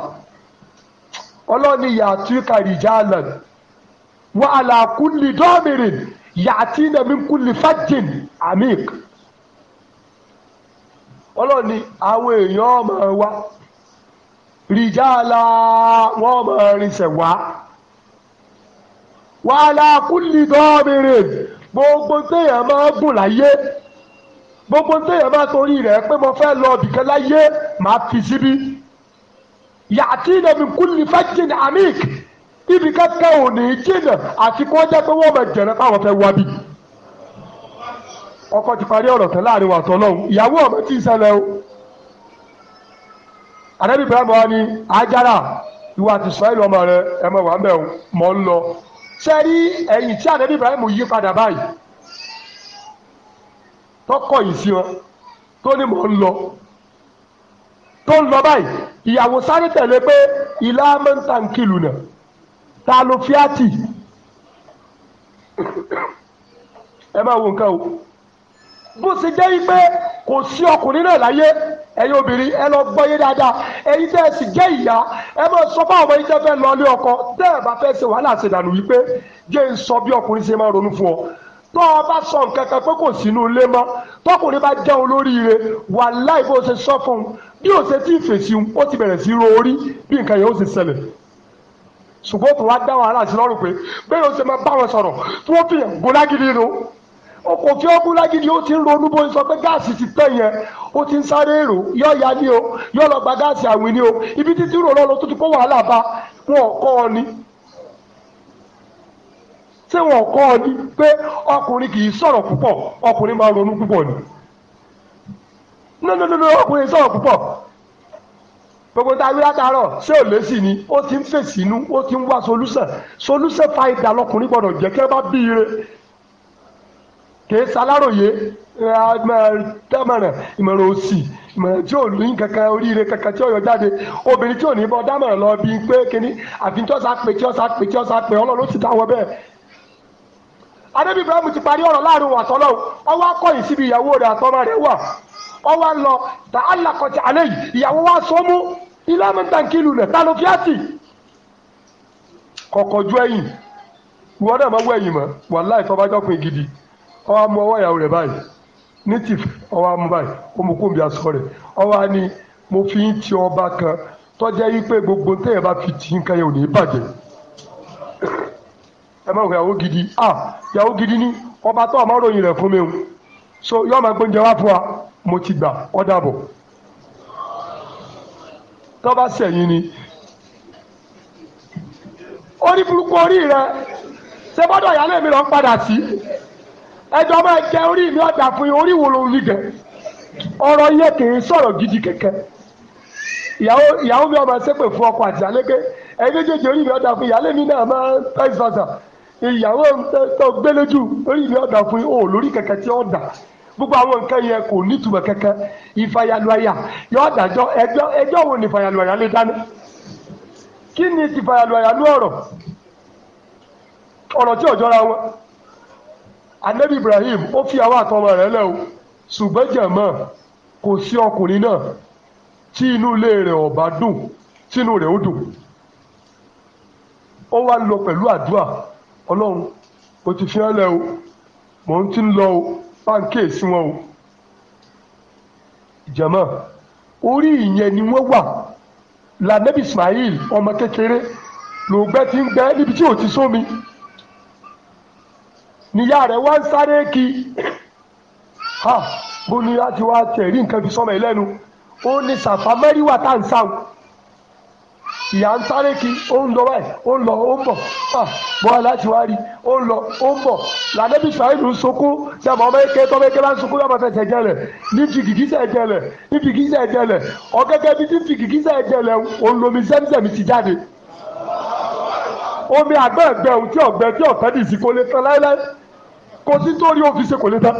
ọlọ́ni yàtú kàrìjálà wà àlàkùnlé dọ́mìrìn yàtí nàmí kùnlé fàjìn amik ọlọ́ni àwọn èèyàn ọmọ wa rìjálà wọn ọmọ rinṣẹ̀ wá wà àlàkùnlé dọ́mìrìn gbogbo téèyàn máa bùn láyé gbogbo téèyàn bá torí rẹ̀ pé mo fẹ́ lọ ibìkan láyé màá fi síbí yàtí nàbí kúlì fájìn amík ibìkan tẹ ò ní jìnnà àti kó jẹ́ pé wọ́n máa jẹ̀rẹ̀ fáwọn fẹ́ wá ọkọ ti parí ọ̀rọ̀ tán láàrin wa tọ́ lọ́hùn ìyàwó ọmọ tí ì ṣẹlẹ̀ o. àdébí ibrahim wa ni ajára ìwà àti Ismail ọmọ rẹ ẹ mọ wà ń bẹ̀ mọ́ ń lọ. sẹ́rí ẹ̀yìn tí àdébí ibrahim yí padà báyìí tọkọ yìí sí ọ tó ní mò ń lọ tó ń lọ báyìí ìyàwó sáré tẹ̀lé pé ìlà mọ́ńtàǹkìlù náà ta ló fi á tì ẹ máa wo nǹkan o bó ṣe jẹ́ pé kò sí ọkùnrin náà láyé ẹ̀yin obìnrin ẹ lọ gbọ́ yé dáadáa ẹ̀yin tẹ́ ẹ sì jẹ́ ìyá ẹ máa sọ fún àwọn ọmọ yín tẹ́ fẹ́ lọ ilé ọkọ tẹ́ ẹ bá fẹ́ ṣe wàhálà ṣèdànù wípé jẹ́ ń sọ bí ọkùnrin ṣe máa ronú fún ọ tọ́ ọ bá sọ nǹkan kan pé kò sínú ilé mọ́ tọkùnrin bá jẹ́ olóríire wà láì bó ṣe sọ fún un bí ó ṣe tí ì fèsì un ó ti bẹ̀rẹ̀ sí ro orí bí nǹkan yẹn ó ṣe ṣẹlẹ̀ ṣùgbọ́n kò wá dá wàhálà sí lọ́rùn pé bẹ́ẹ̀ ó ṣe máa bá wọn sọ̀rọ̀ tí wọ́n fi hàn gbólágidi nu ọkọ̀ tí ó gbólágidi ó ti ń ronú bó ń sọ pé gáàsì ti tẹ̀ yẹn ó ti ń sáré èrò yọ ya ni o yọ lọ gba gáàsì àwìn ni o ibi títí rò lọ́lọ́ tó ti kó wàhálà bá wọn kọ́ ọ ni ṣé wọn kọ́ ọ ní pé ọkùnrin kì í sọ̀rọ̀ púpọ̀ ọkùnrin máa ronú púpọ̀ ni nínú ọkùnrin sọ̀rọ̀ púpọ̀ gbogbo tá a rí látàárọ̀ ṣé ò lésì ni ó ti ń fèsì inú ó ti ń wá solúsẹ̀ solúsẹ̀ fa ìdá lọkùnrin gbọ́dọ̀ jẹ́ kí ẹ bá bí ire kìí ṣaláròyé dámọ̀ràn ìmọ̀ràn òsì ìmọ̀ràn tí ò ní kankan oríire kankan tí ó yọ jáde obìnrin tí ò ní bọ́ dámọ̀ràn lọ bí pé kínní àfi tí ó sá pé tí ó sá pé tí ó sá pé ọlọ́run ó sì dáwọ́ bẹ́ẹ̀ adébí ibrahim ti parí ọ̀rọ̀ láàrin wọn àtọ́lọ́ ọwọ́ akọ́yìn síbi ìyàwó rẹ̀ àtọ́mọ rẹ̀ wà ọwọ́ ń lọ tà alákọ̀tì alẹ́ yìí ìyàwó wa sọ mú ilé mẹ́tàkìlù rẹ̀ tá ló fi á eyin ju ẹ̀yìn ìwọ náà máa wọ ẹ̀yìn mọ́ bá gidi ọwọ́ mú ọwọ́ ìyàwó rẹ̀ báyìí native tìf mú báyìí ó mú kóńbi ni mo fi ń ti ọba kan tọ́jẹ́ yí pé gbogbo bá fi ẹ má wọ ìyàwó gidi ah ìyàwó gidi ni ọba tó ọmọ ròyìn rẹ̀ fún mi o so yóò máa gbóúnjẹ wá fún wa mo ti gbà ọ dàbọ̀ tọ́ba sẹ̀yìn ni orí burúkú orí rẹ ṣé bọ́dọ̀ ìyálé mi lọ ń padà sí ẹjọ́ máa jẹ orí mi ọ̀dà fún yín orí wo ló ń gẹ ọ̀rọ̀ yẹ kì í sọ̀rọ̀ gidi kẹ̀kẹ́ ìyàwó ìyàwó mi ọmọ ṣépè fún ọkọ àti ìyálé pé ẹgbẹ́jẹ̀jẹ̀ orí mi ọ̀dà fún ìyálé mi náà máa ń tẹ́sí ọ̀sán ìyàwó tó gbé lójú lórí mi ọ̀dà fún yín o lórí kẹ̀kẹ́ tí ọ̀dà gbogbo àwọn nǹkan yẹn kò nítumọ̀ kẹ̀kẹ́ ìfàyàlùwàyà yóò dájọ́ ẹjọ́ ẹjọ́ wo ni ìfàyàlùwàyà lè dáná kí ni ti ìfàyàlùwàyà lú ọ̀rọ̀ ọ̀rọ̀ tí ò jọra wọn anabi Ibrahim ó fi àwọn àtọmọ rẹ̀ lẹ o ṣùgbọ́n jẹ̀mọ́ kò sí ọkùnrin náà tí inú ilé rẹ̀ ò bá dùn tínú rẹ̀ ó dùn ó wá lọ pẹ̀lú àdúrà ọlọ́run mo ti fi ọ́lẹ̀ o mò ń ti ń lọ o báńkì èsì wọn o jàmá orí ìyẹn ni wọ́n wà lànàbí Ismail ọmọ kékeré lògbẹ́ ti ń gbẹ́ níbi tí ò ti sómi níyà rẹ̀ wá ń sáré kí ha bó ni láti wá tẹ̀rí nǹkan fi sọmọ ẹ̀ lẹ́nu ó ní sàfà mẹ́rìwá tá à ń sáwọn ìyá ń sáré kí ó ń lọ báyìí ó ń lọ ó ń bọ̀ bọ́ọ̀ láti wá rí ó ń lọ ó ń bọ̀ làdébí sàrínù ń sunkún tí àwọn ọmọ eke tọ́mọ eke bá ń sunkún yọ̀bọ̀ fẹsẹ̀ jẹlẹ̀ ní fìgìgísẹ̀ jẹlẹ̀ ní fìgìgísẹ̀ jẹlẹ̀ ọ̀gẹ́gẹ́ bí ní fìgìgísẹ̀ jẹlẹ̀ olómi zẹ́mzẹ́m ti jáde omi àgbẹ̀gbẹ̀ òtí ọ̀gbẹ̀ tí ọ̀fẹ́ dì sí kò lè tán láéláé kò sí torí òfìsè kò lè tán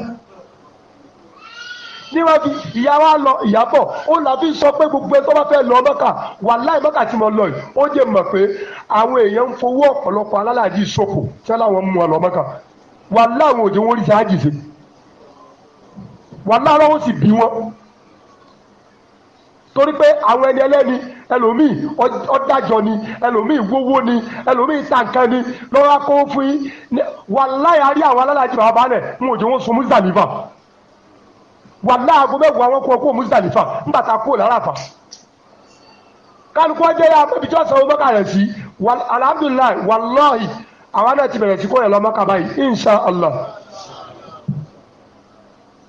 ní wọ́n fi ìyá wa lọ ìyá bọ̀ ó là fi sọ pé gbogbo ẹni tó bá fẹ́ lọ mọ́kà wà láì mọ́kà tí mo lọ yìí ó jẹ́ mọ̀ pé àwọn èèyàn ń fowó ọ̀pọ̀lọpọ̀ alálàájì sòkò tí aláwọn mú ọ lọ mọ́kà wà láwọn òjò wọn rí sáájì sí wà láwọn sì bí wọn torí pé àwọn ẹni ẹlẹ́ni ẹlòmíì ọ̀dájọ́ ni ẹlòmíì wówó ni ẹlòmíì tàǹkan ni lọ́wọ́ kó fún yín wà láyà rí àwọn alálàájì bàbá rẹ̀ ń òjò wọn sun mú zàlífà wà láago mẹ́wàá wọn kọ́ kó mùsàlìfà nígbà tá a kó lára fà kálukú ọjọ́ yà àtọ́bí tí wọ́n sanwó mọ́kà rẹ̀ sí alhamdulilayi wàlọ́ọ̀hì àwọn náà ti bẹ̀rẹ̀ sí kó yẹ lọ mọ́kà báyìí insha allah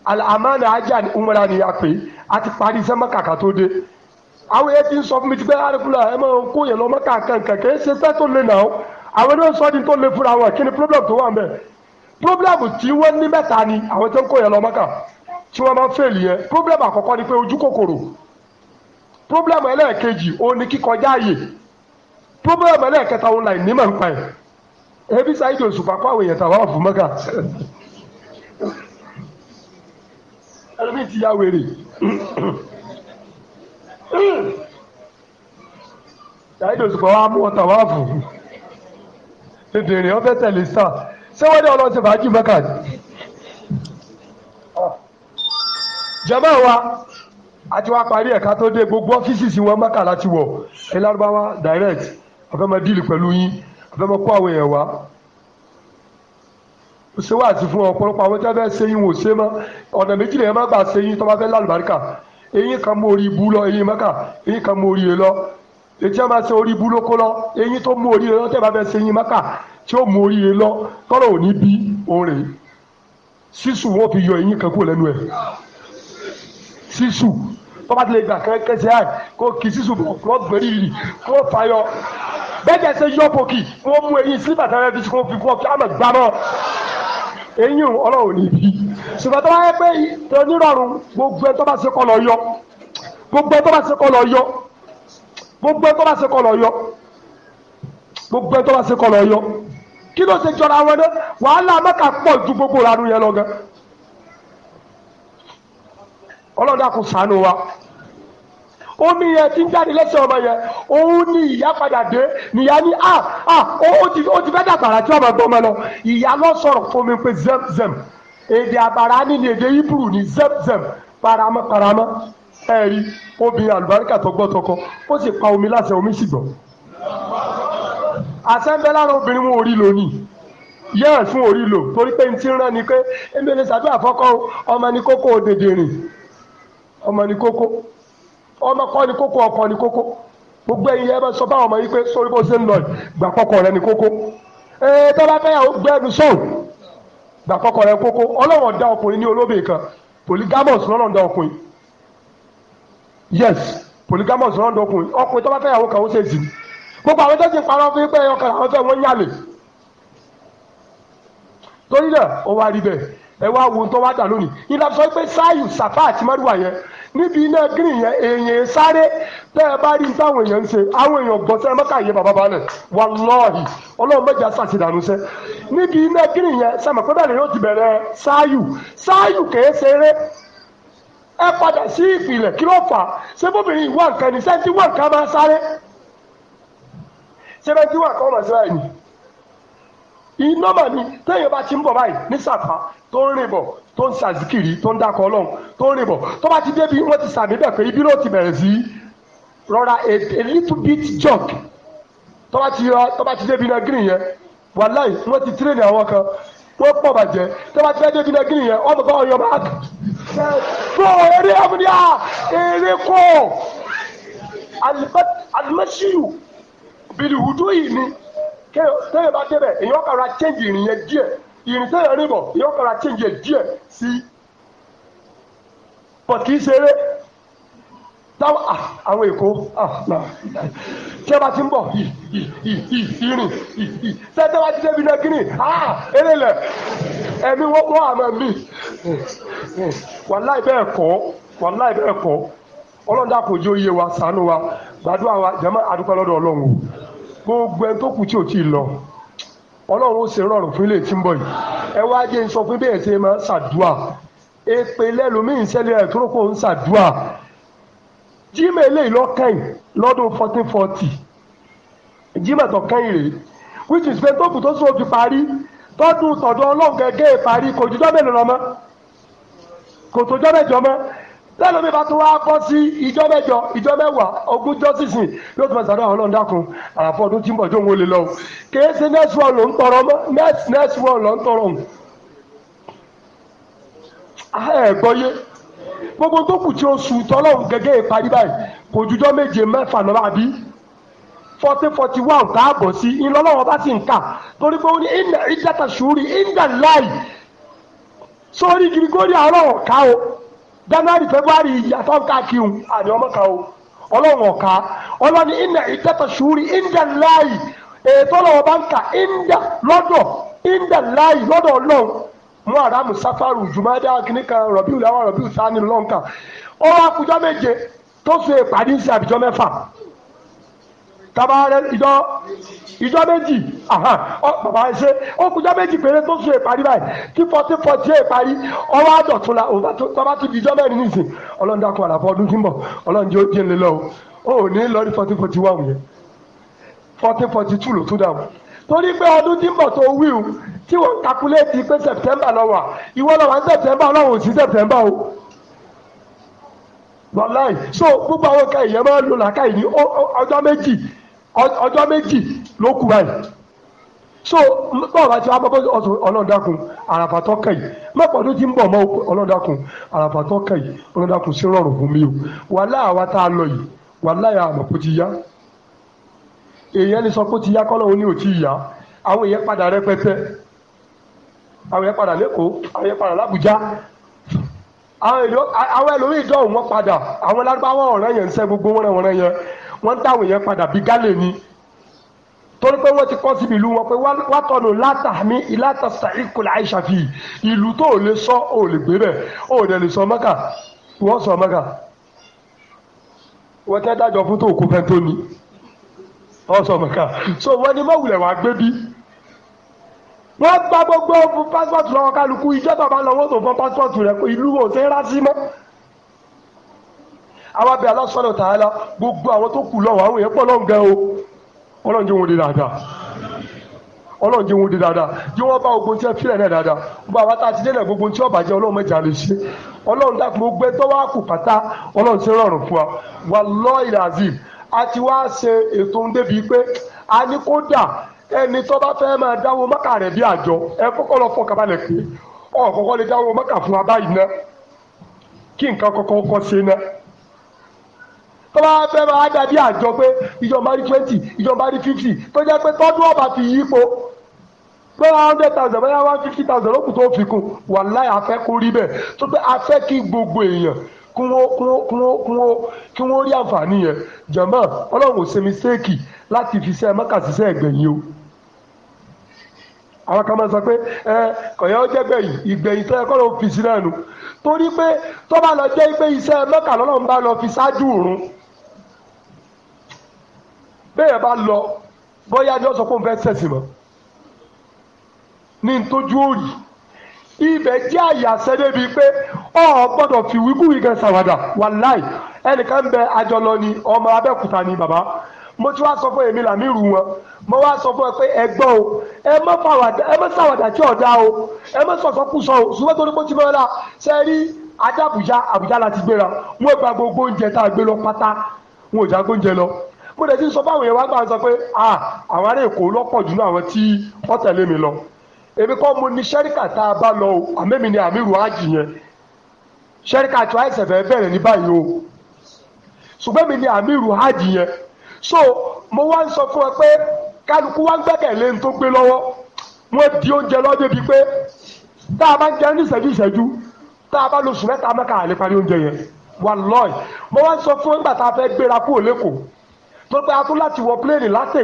alamana ajá ni umra ni a pè a ti parí iṣẹ́ mọ́kà ká tó dé àwọn yẹn ti ń sọ fún mi ti pẹ́ àdìkúlà ẹ máa kó yẹ lọ mọ́kà kankan ṣe fẹ́ tó lé nà ó àwọn náà sọ ní tó lé fúnra wọn kí ni problem tó wà mẹ́ problem tí wọ́n ní mẹ́ta ni àwọn tó ń kó yẹ lọ mọ́kà tí wọ́n máa ń fèlì yẹn problem àkọ́kọ́ ni pé ojú kòkòrò problem ẹlẹ́ẹ̀kejì òun ni kíkọjá àyè problem ẹlẹ́ẹ̀kẹta òun láì nímọ̀ nípa ẹ̀ ẹbí Saheed Òṣùpá kó àwọn èèyàn tàwa fún mọ́kà ẹbí ti ya wèrè Saheed Òṣùpá wa mú ọ̀tà wá fún tètè rè ọ́ fẹ́ tẹ̀lé sáà ṣé wọ́n ní ọlọ́sẹ̀ fàájì mọ́kà ni. jọba wa àti wá parí ẹ̀ka tó dé gbogbo ọ́fíìsì sí wọn mọ́kànlá ti wọ̀ ẹ direct ọ̀fẹ́ mọ díìlì pẹ̀lú yín ọ̀fẹ́ mọ kó àwọn èèyàn wá ó ṣe wá àti fún ọ̀pọ̀lọpọ̀ àwọn tí wọ́n fẹ́ ṣe yín wò ṣe mọ́ ọ̀nà méjì lèyàn má gbà ṣe yín tó bá fẹ́ lálùbáríkà eyín kan mú orí ibú lọ eyín mọ́kà eyín kan mú orí e lọ etí a máa ṣe orí ibú lóko lọ eyín tó mú orí e lọ tẹ́ bá fẹ́ ṣe eyín mọ́kà sísù tọ́ba ti lè gbà kẹsẹ̀ àì kó kì í sísù bọ̀ kó gbẹ̀rì rì fàyọ bẹ́ẹ̀ ṣe yọ pòkì kó mú eyín sílíbà tẹ́lẹ̀ fi kó fi kó àmọ̀ gbàmọ́ eyín ọlọ́run níbi ṣùgbọ́n tọ́ba yẹ pé onírọ̀rùn gbogbo gbogbo ẹ̀ tọ́ba ṣe kọ́ lọ yọ gbogbo ẹ̀ tọ́ba ṣe kọ́ lọ yọ gbogbo ẹ̀ tọ́ba ṣe kọ́ lọ yọ kí ló ṣe jọra wọn náà wàhálà mẹ́ka pọ̀ ju gbogbo ìranú yẹn lọ gan ọlọ́dà kò sànù wa omi yẹn ti ń jáde lẹ́sẹ̀ ọmọ yẹn òun ni ìyá padà dé nìyá ni a a ah, ah, ó ti ó ti fẹ́ dàgbàrà tí ọmọ gbọmọ lọ ìyá lọ sọ̀rọ̀ fún mi pé zemzem èdè àbàrà ni ní èdè hebrew ni zemzem paramọ́ paramọ́ ẹ̀rí obìnrin àlùbáríkà tó gbọ́ tọkọ ó sì pa omi láṣẹ omi sì gbọ́ àṣẹ́ńbẹ́ lára obìnrin wọn ò rí lónìí yẹ́n fún orí lò torí pé n ti rán ni pé ebi ní sàdúrà ọmọ ní kókó òdèdè rìn ọmọ ní kókó ọkọ ní gbogbo ẹ̀yin ẹ sọ fáwọn ọmọ yìí pé sórí bó ṣe ń lọ gbà rẹ ní kókó ee tọ́lá fẹ́yàwó gbẹ́nu sóun gbà kọ́kọ́ rẹ kókó ọlọ́run dá ọkùnrin ní olóbè kan polygamous lọ́nà dá ọkùnrin yes polygamous lọ́nà dá ọkùnrin ọkùnrin tọ́lá fẹ́yàwó kan ó ṣe zì gbogbo àwọn tó ti parọ́ fún pé ọkàn àwọn fẹ́ wọ́n yàlè torí náà ó wá rí bẹ́ẹ̀ ẹ wá wo tó wá dà lónìí ìlà sọ pé sáyù sàfà àti yẹn níbi iná green yẹn èèyàn sáré tẹ́ ẹ bá rí táwọn èèyàn ń ṣe àwọn èèyàn gbọ́n sẹ́yìn mọ́kà bàbá balẹ̀ wàlọ́ọ̀hì ọlọ́run mẹ́jà sàṣìdànù níbi iná yẹn pé yóò ti kèé ṣeré ẹ padà sí kí ló fà ṣé bóbìnrin ìwà nǹkan wà nǹkan máa sáré ṣé iná mà ní téèyàn bá ti ń bọ̀ báyìí ní sàfà tó ń rìn bọ̀ tó ń sàzìkìrì tó ń dákọ̀ ọlọ́run tó ń rìn bọ̀ tó bá ti débi wọ́n ti sàmì bẹ̀ pé ibi náà ti bẹ̀rẹ̀ sí rọra a, a little bit junk. tó bá ti tó bá ti débi náà green yẹn wàláì wọ́n ti tírèdì àwọn kan wọ́n pọ̀ bàjẹ́ tó bá ti fẹ́ débi náà green yẹn ọmọ kan ọyọ bá tó eré amúdíà eré kọ́ alimẹ́síù bìrìwùdú yìí ni. téèyàn bá débẹ̀ èèyàn change ìrìn yẹn díẹ̀ ìrìn téèyàn rìn èèyàn kàrà change yẹn díẹ̀ sí but kì í ṣeré táwọn ah, àwọn èkó ah, tí bá ti ń bọ̀ ìrìn bá ti ah, ẹ̀mí wọ́n àmọ́ mi bẹ́ẹ̀ kọ́ bẹ́ẹ̀ kọ́ ọlọ́dà kò jó iye wa ṣàánú wa gbàdúrà wa jẹ́mọ́ ọlọ́run o. gbogbo ẹni tó kù tí ò tí ì lọ ọlọ́run ó ṣe rọrùn fún ilé tí ń bọ̀ yìí ẹ wá jẹ́ ń sọ fún bẹ́ẹ̀ ṣe máa ń ṣàdúà èpè lẹ́lòmíín sẹ́lẹ̀ rẹ̀ tó rọ́pò ń ṣàdúà jimá eléyìí lọ́kàn lọ́dún fourteen forty jimá tó kàn rèé which is pé tóògùn tó sọ fi parí tọ́dún tọ̀dọ̀ ọlọ́run gẹ́gẹ́ parí kò jọjọ́ mélòó lọ mọ́ kò tó jọ́ mẹ́jọ lẹ́lọ́mí bá tún wá bọ́ sí ọgụjọ mẹ́jọ ìjọ mẹ́wàá ogúnjọ́ sísìn yóò tún bá sàdá ọlọ́run dákun àràfọ́ ọdún tí ń bọ̀ lè lọ o kìí ṣe next world ló ń tọrọ next world ló ń tọrọ ẹ gbọ́yé gbogbo tó kù tí oṣù tọ́lọ́run gẹ́gẹ́ ìparí báyìí kò jùjọ́ méje mẹ́fà náà àbí fourteen forty one tá a bọ̀ sí bá sì ń kà torí pé ó ní ìdàtà sùúrì ìdàláì sórí gírígórí àárọ̀ january february yàtọ̀ káàkiri àní ọmọ kan o ọlọ́run ọ̀ka ọlọ́ni iná ìtẹ́tọ̀ sùúrì ìndà láàyè ètò ọlọ́wọ́ bá ń kà ìndà lọ́dọ̀ ìndà láàyè lọ́dọ̀ ọlọ́run mú àràmù sáfàrù jùmọ́dé akínní kan rọ̀bíù làwọn rọ̀bíù sáà ní lọ́nkà ọwọ́ akùjọ méje tó so ìpàdé sí àbíjọ mẹ́fà tàbá rẹ ìjọ ìjọ méjì bàbá ṣe ó kújọ méjì péré tó sùn ìparí báyìí kí fọtí fọtí ìparí ọwọ́ àdọ̀tún la bàbá tún di ìjọ mẹ́rin nìsín ọlọ́run dákun àlàfo ọdún tí ń bọ̀ ọlọ́run jẹ́ ojú ẹ̀lẹ́ lọ o ò ní lọ rí fourteen forty one yẹn fourteen forty two ló tún dà wọ́n torí pé ọdún tí ń bọ̀ tó wíwù tí wọ́n kakuléètì pé september lọ wà ìwọ lọ wà ní september ọlọ́run sí september o wàláì so gbogbo àwọn ọkà ìyẹn máa ń lò làkàyè ní ọjọ́ méjì ọjọ́ méjì ló kù báyìí so báwo la ti wá bọ́ ọlọ́dàkùn àràfàtọ́ kẹ̀yì mẹ́pọ̀ tó ti ń bọ̀ mọ́ ọlọ́dàkùn àràfàtọ́ kẹ̀yì ọlọ́dàkùn sí rọrùn fún mi o wàhálà àwa tá a lọ yìí kó ti yá èèyàn sọ ti yá kọ́lọ́ òní ò tí ì yá àwọn èèyàn padà rẹpẹtẹ àwọn èèyàn padà lẹ́kọ̀ọ́ àwọn èèyàn padà gbogbo wọn wọ́n ń táwọn èèyàn padà bí gálè ni torí pé wọ́n ti kọ́ síbi ìlú wọn pé wá tọ́nu látàmí ìlàtà sàìkùlà àìṣàfi ìlú tó ò lè sọ ò lè gbé bẹ̀ ò dẹ̀ lè sọ mọ́kà wọ́n sọ mọ́kà wọ́n tẹ́ dájọ́ fún tó kó fẹ́ntó ni wọ́n sọ mọ́kà so wọ́n ní mọ́wùlẹ̀ wàá gbé bí wọ́n gba gbogbo fún pásítọ̀tù lọ́wọ́ kálukú ìjọba bá lọ́wọ́ tó fún pásítọ̀tù rẹ̀ pé ìlú wọn ò sẹ́ rásí mọ́. àwa bẹ Allah gbogbo àwọn tó kù lọ́wọ́ àwọn èèyàn pọ̀ lọ́n gan o ọlọ́run jẹ́ di dáadáa ọlọ́run di dáadáa wọn bá ogun tí ẹ fílẹ̀ náà dáadáa gbogbo àwọn tá a ti dé gbogbo tí ọba jẹ́ ọlọ́run mẹ́jà lè ṣe ọlọ́run dàpọ̀ gbogbo ẹ tó kù pátá ọlọ́run ti rọrùn fún wa wallahi azim a ti wá ṣe ètò ń débi pé a ní kó dà ẹni tó tó bá fẹ́ máa dàbí àjọ pé ìjọba rí twenty ìjọba rí fifty tó jẹ́ pé tọ́dún ọba fi yípo bóyá hundred thousand bóyá one fifty thousand lókùn tó fi kún wàláì afẹ́ kó rí bẹ́ẹ̀ tó pé afẹ́ kí gbogbo èèyàn kí wọ́n kí wọ́n kí wọ́n kí wọ́n kí wọ́n rí àǹfààní yẹn jẹ̀mọ́ ọlọ́run ò ṣe mistake láti fi ṣe mọ́kà ṣiṣẹ́ ẹ̀gbẹ̀yìn o àwọn kan máa sọ pé ẹ kọ̀yọ́ jẹ́ gbẹ̀yìn ìgbẹ̀yìn tó yẹ fi sí náà nù torí pé tó lọ jẹ́ pé iṣẹ́ mọ́kà lọ́lọ́run bá lọ fi ṣáájú òrun bẹ́ẹ̀ bá lọ bóyá ni ó sọ pé òun fẹ́ di mọ́ ní ntójú ibẹ̀ jẹ́ pé ọ gbọ́dọ̀ fi wíwúwí gan ṣàwàdà wàláì ẹnìkan ń bẹ àjọlọ ni ọmọ abẹ́òkúta ni bàbá mo ti wá sọ fún èmi làmírù wọn mo wá sọ fún ẹ pé ẹgbọ́n o ẹ mọ́ fàwàdà ẹ mọ́ tí o ẹ mọ́ sọ̀sọ́kùsọ o ṣùgbọ́n torí mo ti mọ́ ṣe rí ajá àbújá àbújá gbogbo oúnjẹ tá a mo dẹ̀ ti sọ fáwọn èèyàn wá gbà sọ pé ah, àwọn ará èkó lọ́pọ̀ jù àwọn tí wọ́n tẹ̀lé mi lọ èmi kọ́ mo ní ṣẹ́ríkà tá a bá lọ o àmẹ́mi ni àmì rùhájì yẹn ṣẹ́ríkà tí wàá ṣẹ̀fẹ̀ bẹ̀rẹ̀ ní báyìí o ṣùgbọ́n mi ni àmì rùhájì yẹn so mo wá ń sọ fún ẹ pé kálukú wá ń gbẹ́kẹ̀lé ní tó gbé lọ́wọ́ wọ́n di oúnjẹ lọ́dẹ bíi pé tá a bá ń jẹ ní ìṣẹ́jú ìṣẹ́jú tá a bá lo sùn mẹ́ta mẹ́ka àlè parí oúnjẹ yẹn wà lọ́ọ̀ mo wá ń sọ fún ẹgbà tá a fẹ́ gbéra kúrò lẹ́kọ̀ọ́ tó pé a tún láti wọ pléènì láti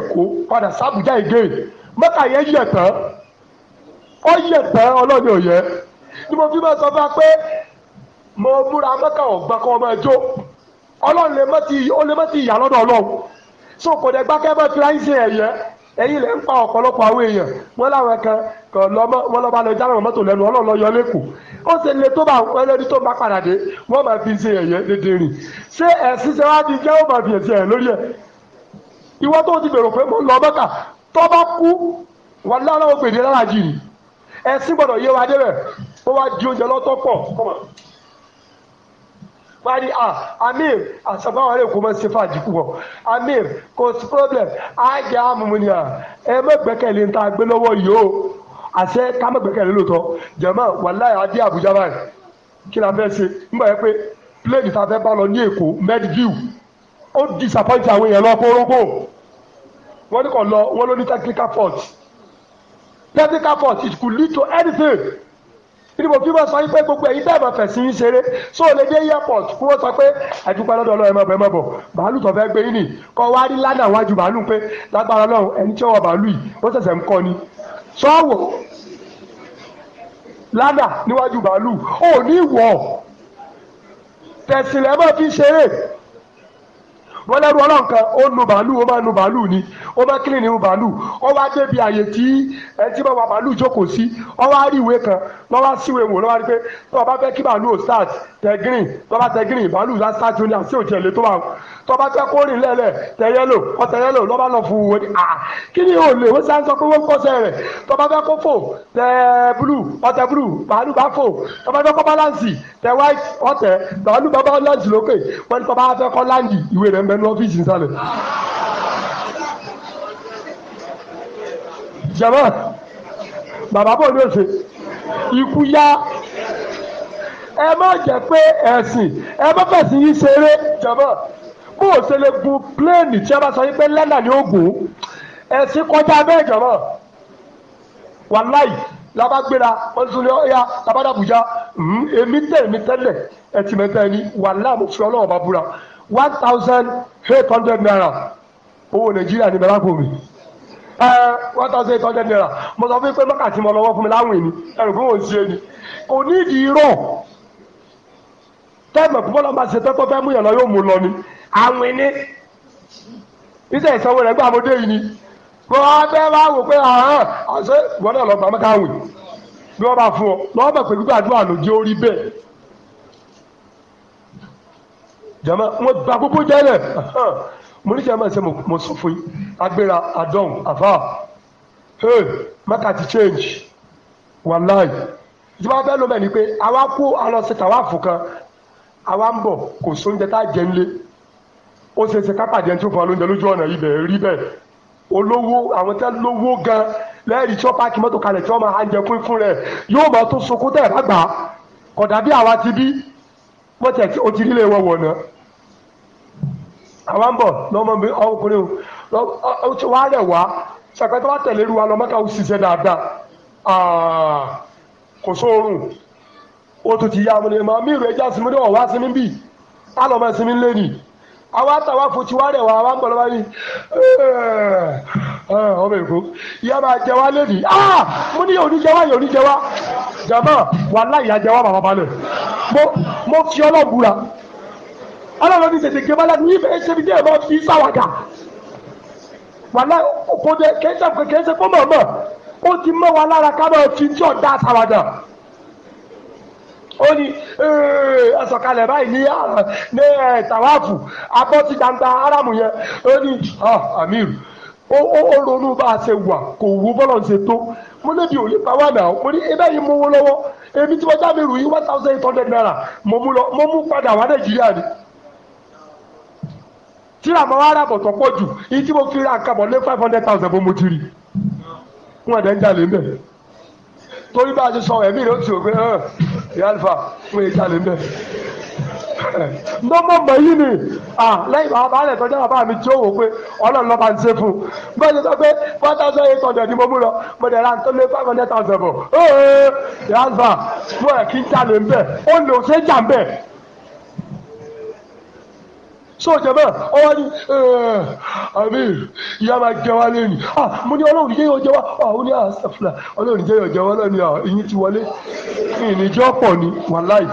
padà sábùjá again mẹ́ta yẹn yẹ̀ tán ó tán ọlọ́ni ò ni mo fi máa sọ fún wa pé mo múra mẹ́ta ọ̀gbọ́n kan ọmọ ẹjọ́ ọlọ́run lè so kò dẹ̀ gbákẹ́ bá ẹ̀yẹ ẹ̀yìn lè ń pa ọ̀pọ̀lọpọ̀ àwọn èèyàn láwọn kan lọ mọ́tò lẹ́nu ọlọ́run yọ ó tó bá tó bá padà dé ìwọ tó ti gbèrò pé mo lọ mọ́kà tó bá kú wà lára ó gbèdé lára jì ní ẹ̀sìn gbọ́dọ̀ yé wa débẹ̀ ó wá di oúnjẹ lọ́tọ̀ pọ̀ kọ́mọ̀ wá ní amir àṣàbáwọn ẹ̀rẹ́ kò mọ̀ ṣe amir ko si problem ni ẹ ta gbé o àṣẹ ká kí la fẹ́ ṣe ń bọ̀ yẹ pé plane ta ó disappoint àwọn èèyàn lọ kórókó wọ́n ní kò lọ wọ́n ló ní technical fault technical fault it could lead to anything níbo kí wọ́n sọ yín pé gbogbo ẹ̀yin tẹ́ ẹ̀ máa fẹ̀sí yín ṣeré so lè dé airport kí wọ́n sọ pé ẹ̀dúpẹ́ lọ́dọ̀ ọlọ́run ẹ̀ máa bọ̀ ẹ̀ máa bọ̀ bàálù tó fẹ́ gbé yín nì kọ́ wá rí lánàá wájú bàálù pé lágbára ọlọ́run ẹni tí ó wọ bàálù yìí ó ṣẹ̀ṣẹ̀ ń kọ́ ni sọ́wọ́ lánàá níwájú bàálù ò ní wọ̀ tẹ̀sílẹ̀ máa fi ṣeré wọ́n lẹ́rú ọlọ́run kan ó nu bàálù ó máa nu bàálù ni ó máa kílìn nínú bàálù ó wá débi àyè tí ẹ ti bá wa bàálù jókòó sí ó wá rí ìwé kan lọ́ wá síwèé wò lọ́ wá rí pé tó o bá fẹ́ kí bàálù ò start tẹ green tó o bá tẹ green bàálù lá start ó ní àti òjì ẹ̀lẹ́ tó bá tó o bá fẹ́ kó rìn lẹ́lẹ̀ tẹ yẹ́lò ọ tẹ yẹ́lò lọ́ bá lọ fún wo ni kí ni òòlè wọ́n sá ń sọ pé wọ́n kọ́sẹ̀ rẹ̀ tó o bá fẹ́ kó fò tẹ blue ọ tẹ blue bàálù bá fò tó o bá fẹ́ kó balance tẹ white ọ tẹ bàálù bá balance lókè wọ́n ní tó o bá fẹ́ kó land ìwé rẹ̀ ń mẹ́nu ọ́fíìsì nísàlẹ̀. jẹ̀mọ́ bàbá bò ní òsè ikú yá ẹ má jẹ́ pé ẹ̀sìn ẹ má fẹ̀sìn yín ṣeré jẹ̀mọ́ bó o ṣe lè gun pléènì tí a bá sọ yín pé lẹ́nà ni ó gùn ẹ̀sìn kọjá bẹ́ẹ̀ jẹ̀mọ́ wàláì laba gbéra wọ́n tún lé ọ́yá labada Abuja èmi tẹ̀ èmi tẹ́lẹ̀ ẹ̀tìmẹ̀tẹ̀ ni wàláì mo fi ọlọ́wọ́ bá búra one thousand eight hundred naira owó nàìjíríà ní bẹ́lá kò mi one thousand eight hundred naira mo sọ fún pé mọ́kà tí mo lọ́wọ́ fún mi láwìn ni ẹrù fún òun ṣe ni kò ní ìdí irọ́ tẹ́ẹ̀mù púpọ̀ lọ́mọ àti ṣètọ́tọ́ fẹ́ mú yàn lọ yóò mú lọ ni àwìn ni iṣẹ́ ìsanwó rẹ̀ gbà mo dé yìí ni wọ́n fẹ́ wá wò pé àhán àṣẹ ìwọ́n náà lọ gbà mọ́kà àwìn bí wọ́n bá fún ọ lọ́wọ́ bẹ̀ pẹ̀lú gbàdúrà lójú orí bẹ́ẹ̀ jama wọn ba gbogbo jẹlẹ mo ní jama ṣe mo sọ fún yín agbera adọ́n àfà hey maka change wàláì ìjọba bẹ́ẹ̀ ló bẹ̀ ni pé àwa kó alọ́sẹ̀tà wà fún kan àwa ń bọ̀ kò sóúnjẹ tá a jẹ nílé ó ṣe ṣe kápá jẹun tó fún alóúnjẹ lójú ọ̀nà ibẹ̀ rí bẹ́ẹ̀ olówó àwọn tẹ́ lówó gan lẹ́ẹ̀rí tí wọ́n páàkì mọ́tò kalẹ̀ tí wọ́n máa ń jẹ kún fún rẹ̀ yóò máa tó sokó tẹ̀ bá gbà kódà bí àwa ti bí mọ́tẹ̀ kí o ti rí lè wọ̀ wọ̀ náà àwọn ń bọ̀ lọ́mọ mi ọkùnrin o ti wá rẹ̀ wá ṣàpẹ́ tó bá tẹ̀lé ru lọ mọ́tà ó ṣiṣẹ́ dáadáa kò sóorùn o tún ti yá ọmọdé mọ́ mi ìrù ẹja sinmi wọ̀ wá sinmi bì á lọ́ mọ́ sinmi lẹ́nìí àwọn àtàwọn afọ ti wá rẹ̀ wá àwọn ń bọ̀ Eh, ọmọ èkó ìyá máa jẹ wá lẹ́nu ah! mo ní òní jẹ wá yòóní jẹ wá jàmbá wà láì yá jẹ wá bàbá balẹ̀ mo fi ọlọ́bùra ọlọ́run ní tètè gé bálá ní ìfẹ́ ṣẹbi díẹ̀ máa fi sáwàdà wà láì kó dé kẹ́sẹ̀ kẹ́sẹ̀ kó mọ̀ mọ̀ ó ti mọ́ wa lára ká máa fi tí ọ̀dà sáwàdà ó ní ẹsọ̀kalẹ̀ báyìí ní eh, ní eh, tàwáàfù abọ́ ti gbangba aráàmù yẹn ó ní ah, amíru ó ronú bá a ṣe wà kò wú bọ́lọ̀ ṣe tó mo lébi òní pàwádà mo ní ẹ báyìí mo wó lọ́wọ́ èmi tí wọ́n já mi rù yí one thousand eight hundred naira mo mú lọ mo mú padà wá nàìjíríà ni tíra mo wá rà bọ̀ tọ́pọ̀ jù yìí tí mo fi ra àkàbọ̀ lé five hundred thousand fún mo ti rí fún ẹ̀dẹ̀ ń jalè mbẹ̀ torí bá a ti sọ ẹ̀mí rẹ̀ ó ti rò pé ẹ̀ ẹ̀ yálùfà fún ẹ̀ jalè mbẹ̀ mọ́mọ́mọ́ yìí ni lẹ́yìn bàbá alẹ̀ tọ́jú bàbá mi tí ó wò pé ọlọ́run lọ́ba ń ṣe fún un bó ṣe sọ pé one thousand eight hundred ni mo mú lọ mo dẹ̀ ra nítorí five hundred thousand bọ̀ ee yàtọ̀ fún ẹ̀ kí n jalè ń bẹ̀ ó lò ó ṣe jà ń bẹ̀ so jẹmọ ọwọ ni àmì ìyá máa jẹ wá lẹ́yìn ah mo ní ọlọ́run jẹ́ yóò jẹ wá ọ̀hún ní àṣàfùlà ọlọ́run jẹ́ yóò jẹ wá lẹ́yìn ìyín ti wọlé ìníjọ́ pọ̀ ni wàláì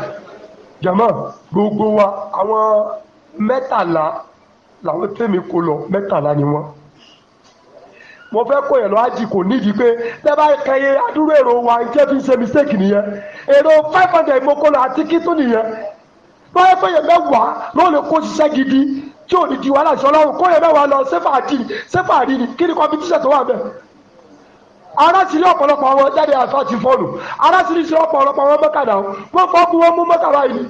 jama gbogbo wa àwọn mẹ́tàlá làwọn tèmi kò lọ mẹ́tàlá ni wọ́n mo fẹ́ kó yẹn lọ ájì kò nídìí pé tẹ́ kẹyẹ adúrú èrò wa jẹ́ fi ṣe mistake nìyẹn èrò five hundred mo kó lọ àti kító nìyẹn báyọ̀ fẹ́yẹ̀ mẹ́wàá ló lè kó ṣiṣẹ́ gidi tí ò ní di wàhálà ìṣọ́lá kó yẹn mẹ́wàá lọ sẹ́fà àdìrí sẹ́fà àdìrí kí ni competition tó wà bẹ́ẹ̀ arásìrí ọ̀pọ̀lọpọ̀ àwọn jáde àṣà ti fọ́ọ̀lù arásìrí ṣe ọ̀pọ̀lọpọ̀ àwọn mọ́kàdá wọn fọ́ kú wọn mú mọ́kàdá yìí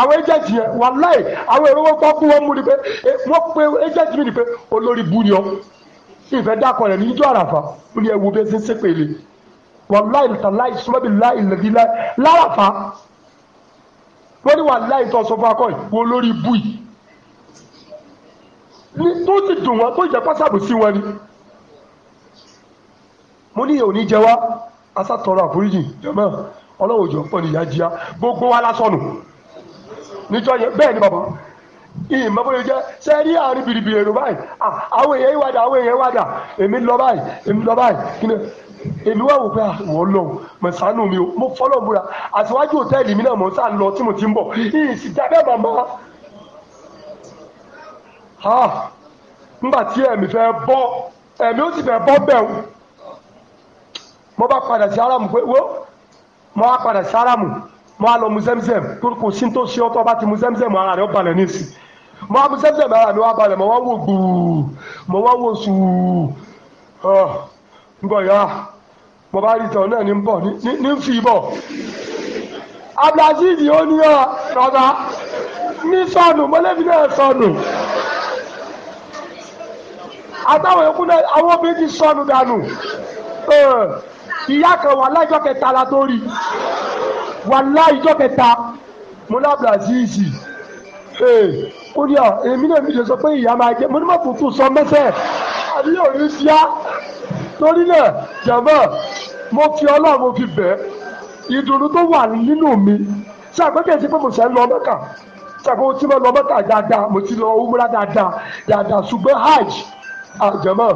àwọn agent yẹn wàláì àwọn èrò wọn fọ́ kú wọn mú ni pé wọ́n pe agent mi ni pé olórí bú ni ọ ìfẹ́ dákọ̀ rẹ̀ níjọ́ àràfà ó ní ẹwu bẹ́ẹ̀ ṣe ń ṣépè lé wàláì tàláì sọ́bì láì lẹ́bí láì láràfà wọ́n ní wàláì tó sọ fún akọ́ yìí wọ́n olórí bú yìí tó ti dùn wọn tó ìjẹ́pọ̀ sàbòsí wọn ni. mo níyẹn ò ní jẹ wá asátọrọ àforíjì jẹmọ ọlọ́wọ́ òjò gbogbo wa lásọnù níjọ yẹn bẹ́ẹ̀ ni bàbá ìyìn jẹ́ sẹ́ẹ̀rí àárín bìrìbìrì èrò báyìí àwọn èèyàn wàdà àwọn èèyàn èmi lọ báyìí èmi lọ báyìí èmi wà wò pé àwọn ọlọ́run mi mo àtiwájú òtẹ́ẹ̀lì mi náà mọ̀ sáà lọ tí mo ti ń bọ̀ sì màmá nígbà tí ẹ̀mí fẹ́ bọ́ mo bá padà sí aramu pé wo mo padà sí aramu mo lọ mu zemzem torí kò sí tó ṣe ọtọ bá ti mu ara rẹ̀ ó balẹ̀ ní ìsìn mo mu ara mi wá balẹ̀ mo wá wò gbùù mo wá wò sùù ah, ọ̀ bọ̀ ọ ní sọnù náà sọnù àtàwọn náà àwọn obìnrin eh, ìyá kan wà láìjọ́ kẹta la tó rí wà láìjọ́ kẹta mo lábẹ́ àzíìsì eh, ó ní ọ èmi náà mi lè sọ pé ìyá máa jẹ mo ní mọ̀ tuntun sọ mẹ́sẹ̀ àbí yóò rí síá torí náà jàmbá mo fi ọlọ́run mo fi bẹ́ẹ̀ ìdùnnú tó wà nínú mi ṣàgbékè sí pé mo ṣe ń lọ mẹ́kà ṣàgbékè tí mo lọ mẹ́kà dáadáa mo ti lọ umra dáadáa dáadáa ṣùgbọ́n hajj àjẹmọ́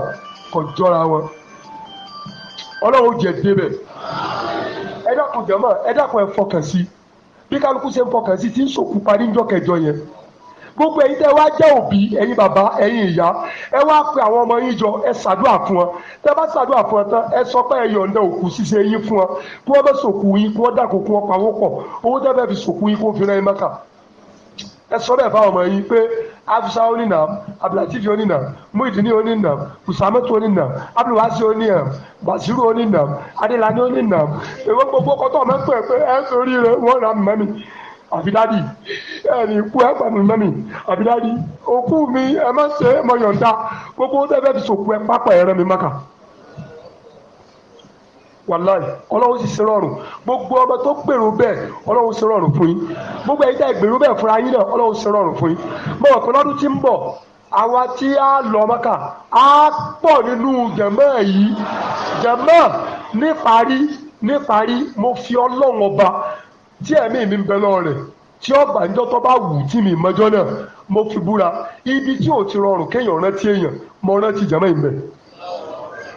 kò jọra wọn ọlọ́run jẹ débẹ̀ ẹ dákun jẹ́mọ́ ẹ dákun ẹ fọkàn sí bí kálukú ṣe ń fọkàn sí ti ń sòkú parí ńjọ́ kẹjọ yẹn gbogbo ẹ̀yin tẹ́ wá jẹ́ òbí ẹ̀yin bàbá ẹ̀yin ìyá ẹ wá pe àwọn ọmọ yín jọ ẹ ṣàdúrà fún wọn tẹ́ bá ṣàdúrà fún wọn tán ẹ sọ pé ẹ yọ̀ǹda òkú ṣíṣe yín fún wọn kí wọ́n bẹ sòkú yín kí wọ́n dàkó kí wọ́n pawó pọ̀ owó tẹ́ bẹ fi sòkú yín kó fi rẹ yín mẹ́ta ẹ sọ bẹ́ẹ̀ fáwọn ọmọ yín pé Afisa oninam, Abdulatif oninam, Muhidini oninam, Usamatu oninam, Abdulwasi oninam, Basiru oninam, Adelani oninam. Èwo gbogbo kọ́tọ̀ máa ń pè pé ẹ sórí rẹ̀ wọ́n ra mọ́ mi. Àbídádì ẹni ikú ẹ pàmì mọ́ mi. Àbídádì òkú mi ẹ má ṣe é mọ̀ yọ̀ǹda. Gbogbo ó dẹ́ fi sòkú ẹ pápá ẹ̀rẹ́ mi mọ́kà wàláì ọlọ́run sì ṣe rọrùn gbogbo ọmọ tó gbèrò bẹ́ẹ̀ ọlọ́run ṣe rọrùn fún yín gbogbo ẹ̀yin tẹ́ gbèrò bẹ́ẹ̀ fúnra yín náà ọlọ́run ṣe rọrùn fún yín bọ́ọ̀ kan lọ́dún tí ń bọ̀ àwa tí a lọ mọ́kà á pọ̀ nínú jẹ̀mọ́ yìí jẹ̀mọ́ níparí níparí mo fi ọlọ́run ọba tí ẹ̀mí mi ń bẹ lọ́rọ̀ rẹ̀ tí ọba ń dọ́tọ́ bá wù tí mi mọ́jọ́ náà mo fi búra ibi tí ò ti rọrùn kéèyàn rántí èèyàn mo rántí jẹ̀mọ́ ìmẹ̀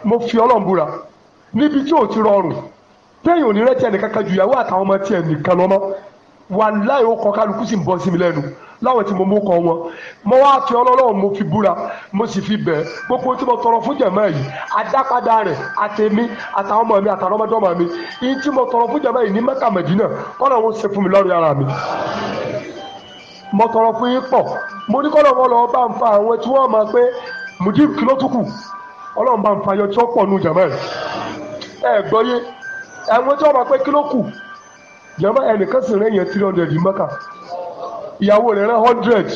mo fi ọlọ́run búra níbi tí ò ti rọrùn téèyàn ò ní rẹ́ tiẹ̀ nìkan kan ju ìyàwó àtàwọn ọmọ tiẹ̀ nìkan lọ́mọ́ wàláì ó kọ kálukú sì ń bọ́ sí mi lẹ́nu láwọn tí mo mú kọ wọn mo wá fi ọlọ́lọ́run mo fi búra mo sì fi bẹ̀ gbogbo tí mo tọrọ fún jẹ̀mọ́ yìí adápadà rẹ̀ àtẹ̀mí àtàwọn ọmọ mi àtàwọn ọmọdọ́mọ mi iye tí mo tọrọ fún jẹ̀mọ́ yìí ní Mẹ́kà Mẹ́dínà kọ́nà wọn ṣe fún mi lọ́rùn ara mi mo tọrọ fún yín pọ̀ mo ní kọ́nà wọn lọ́ọ́ bá ń fa àwọn tí wọ́n máa pé mùdíìpù kí ọlọ́run bá ń fayọ tí ó pọ̀ nù jàmá ẹ̀ ẹ gbọ́ yé àwọn tí wọ́n máa pẹ́ kí ló kù jàmá ẹnìkan sì rẹ̀ yẹn three hundred mẹ́ka ìyàwó rẹ̀ rẹ̀ hundred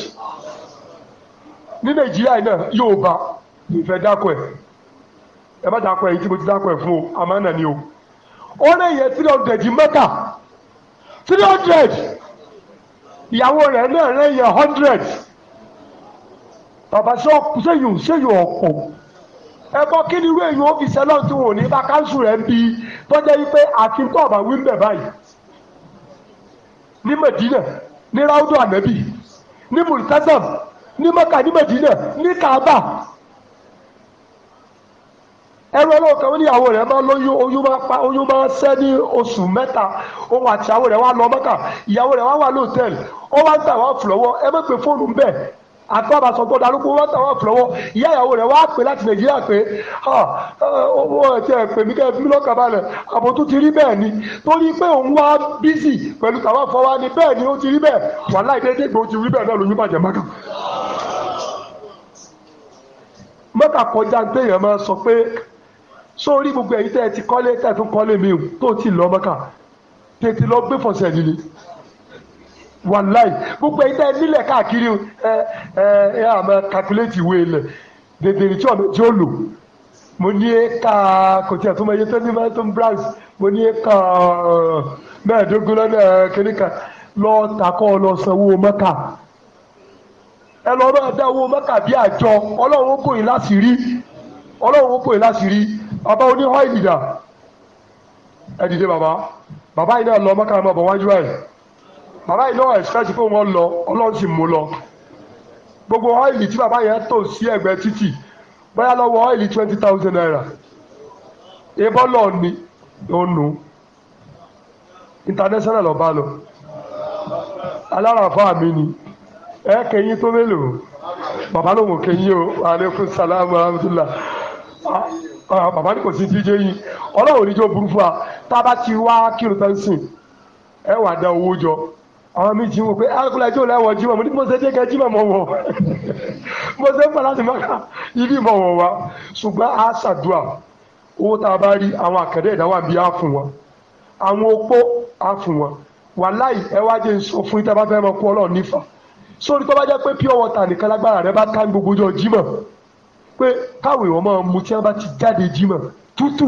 ní nàìjíríà náà yóò bá ìfẹ́ dákọ̀ ẹ̀ ẹ bá dákọ̀ ẹ̀ tí mo ti dákọ̀ ẹ̀ fún o àmánà ni o ó rẹ̀ yẹn three hundred mẹ́ka three hundred ìyàwó rẹ̀ náà rẹ̀ yẹn hundred bàbá sẹ́yìn sẹ́yìn ọ̀pọ̀ ẹbọ kí ni irú èyí ó fi sẹ́lọ̀ tí wọn ò ní bá káńsù rẹ̀ ń bi tọ́jà yìí pé àti tó ọ̀bà báyìí ní Medina ní ráúdù ànábì ní multazam ní Mẹ́kà ní Medina ní Kaaba ẹrú ọlọ́ọ̀kan wọn ní ìyàwó rẹ̀ máa lóyún oyún máa pa oyún máa ṣẹ́ ní oṣù mẹ́ta òun àti ìyàwó rẹ̀ wá lọ Mẹ́kà ìyàwó rẹ̀ wá wà lóòtẹ́ẹ̀lì ó wá ń tà wá fúlọ́wọ́ ẹ má gbé fóònù bẹ́ẹ̀ àtọ́ba sọ fún darúgbó wọn tàwọn fúlọ́wọ́ ìyá ìyàwó rẹ̀ wá pè láti nàìjíríà pé ah, ah, owó ẹ̀tí ẹ̀ pè mí kẹ́ ẹ fi mí lọ́kàn balẹ̀ àbò tó ti rí bẹ́ẹ̀ ni torí pé òun wá bísì pẹ̀lú tàwọn fọwọ́ ni bẹ́ẹ̀ ni ó ti rí bẹ́ẹ̀ wàhálà ìdédé gbòó ti rí bẹ́ẹ̀ náà lóyún bàjẹ́ mọ́kà. mọ́kà kọjá ń téèyàn máa sọ pé sórí gbogbo ẹ̀yìn tẹ́ ẹ ti kọ́lé tẹ́ ẹ tún kọ́lé mi tó ti lọ mọ́kà tètè lọ gbé fọ̀sẹ̀ nílé wàláì gbogbo ẹ̀yin tẹ́ nílẹ̀ káàkiri ẹ ẹ ẹ àmọ́ kàkúlẹ́tì ìwé ilẹ̀ dèdèrè tí ọ̀nà tí ó lò mo ní ka kò tí a tó mọ iye tó ní mo ní ẹ̀ka mẹ́ẹ̀ẹ́dógún lọ́nà kìnnìkan lọ takọ́ lọ sanwó mẹ́ka ẹ lọ máa dá owó mẹ́ka bí àjọ ọlọ́run ó bòyìn láti rí ọlọ́run ó bòyìn láti rí bàbá oní ìdìdà ẹ dìde bàbá bàbá yìí náà lọ bọ̀ wájú bàbá yìí lọ́wọ́ ẹ̀fẹ́sì pé wọ́n lọ ọlọ́run sì mú lọ gbogbo ọ́ìlì tí bàbá yẹn tò sí ẹ̀gbẹ́ títì bóyá lọ́wọ́ ọ́ìlì twenty thousand naira ebọ́ lọ ni ó nù international ọba lọ alárafa mi ni ẹ kẹyìn tó mélòó bàbá ló mọ kẹyìn o aleykum salaam wa rahmatulah bàbá ní kò sí díje ọlọ́run a bá ti wá kírun ẹ wà dá owó àwọn mi jí wọn pé alákùnrin ẹjọ́ lẹ́wọ̀ jí wọn mo ní mo ṣe dé kẹ́ mọ̀ wọ̀ mo ń pa láti máa ká ibi mọ̀ wọ̀ wá ṣùgbọ́n a ṣàdúrà owó tá a bá rí àwọn àkàndé ìdáwà bí a fún wọn àwọn opó a fún wọn wàláì ẹ wá jẹ́ sọ fún ìta bá fẹ́ mọ kú ọlọ́run nífà sórí tó bá jẹ́ pé pure water nìkan lágbára rẹ bá ká gbogbo jọ jímọ̀ pé káwé wọn mu tí wọn bá ti jáde jímọ̀ tútù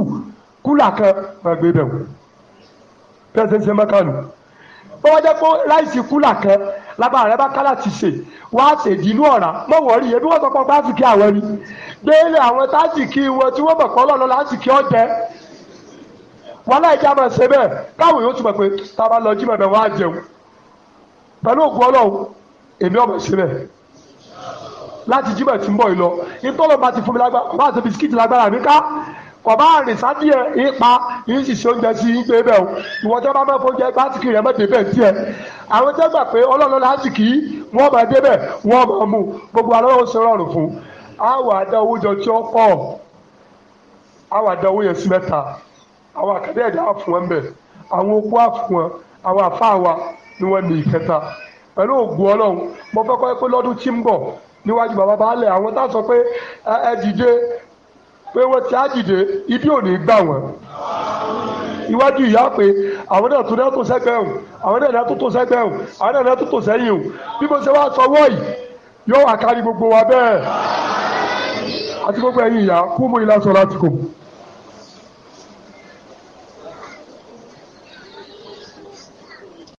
kúlà kan máa gbé bẹ̀rù pẹ́ẹ́sẹ́sẹ́ mẹ́kànnù bó wá jẹ́ pé ráìsì kúlà kan lábàá rẹ bá kálá ti sè wá ṣèdínú ọ̀rá mọ̀ wọ́n rí ebi wọ́n sọ pé pásìkì àwọn ni gbélé àwọn tásìkì wọn tí wọ́n bọ̀ pọ́ lọ́lọ́ lásìkì ọ̀jẹ́ wọn láì já máa ṣe bẹ́ẹ̀ káwọn yóò túbọ̀ pé tá a bá lọ jí bẹ̀rẹ̀ wá jẹun pẹ̀lú òkú ọlọ́run èmi ọ̀bọ̀ ṣe bẹ́ẹ̀ láti jí bẹ̀rẹ̀ tí ń bọ̀ yìí lọ ìtọ́lọ́ bá ti fún mi lágbára bá ọba àrìsádì ẹ ipa yìí sì ṣe oúnjẹ sí yín pé bẹ́ẹ̀ o ìwọ́n tó bá fẹ́ fún jẹ pásíkì rẹ̀ mẹ́tẹ̀ẹ́ bẹ́ẹ̀ tiẹ̀ àwọn tó gbà pé ọlọ́run lásìkì wọ́n máa débẹ̀ wọ́n máa mú gbogbo alọ́run ṣe rọrùn fún àwọn àdá owó jọ tí ó pọ̀ àwọn àdá owó yẹn sí mẹ́ta àwọn àkàdé ẹ̀dá àfún wọn bẹ̀ àwọn okú àfún wọn àwọn àfáà wa ni wọ́n ní ìkẹta pẹ̀lú ògùn ọlọ́run mo fẹ́ kọ́ ẹ pé lọ́dún tí ń bọ̀ níwájú bàbá baálẹ̀ àwọn tá a sọ pé ẹ dìde pé wọ́n ti á dìde ibi ò ní gbà wọ́n iwájú ìyá pé àwọn náà tún náà tó sẹ́gbẹ́ ọ̀hún àwọn náà tó tó sẹ́gbẹ́ ọ̀hún àwọn náà tó tó sẹ́yìn ọ̀hún bí mo ṣe wá sọ wọ́ọ̀yì yóò wá kárí gbogbo wa bẹ́ẹ̀ àti gbogbo ẹ̀yin ìyá kú mú ilá sọ láti kò mú.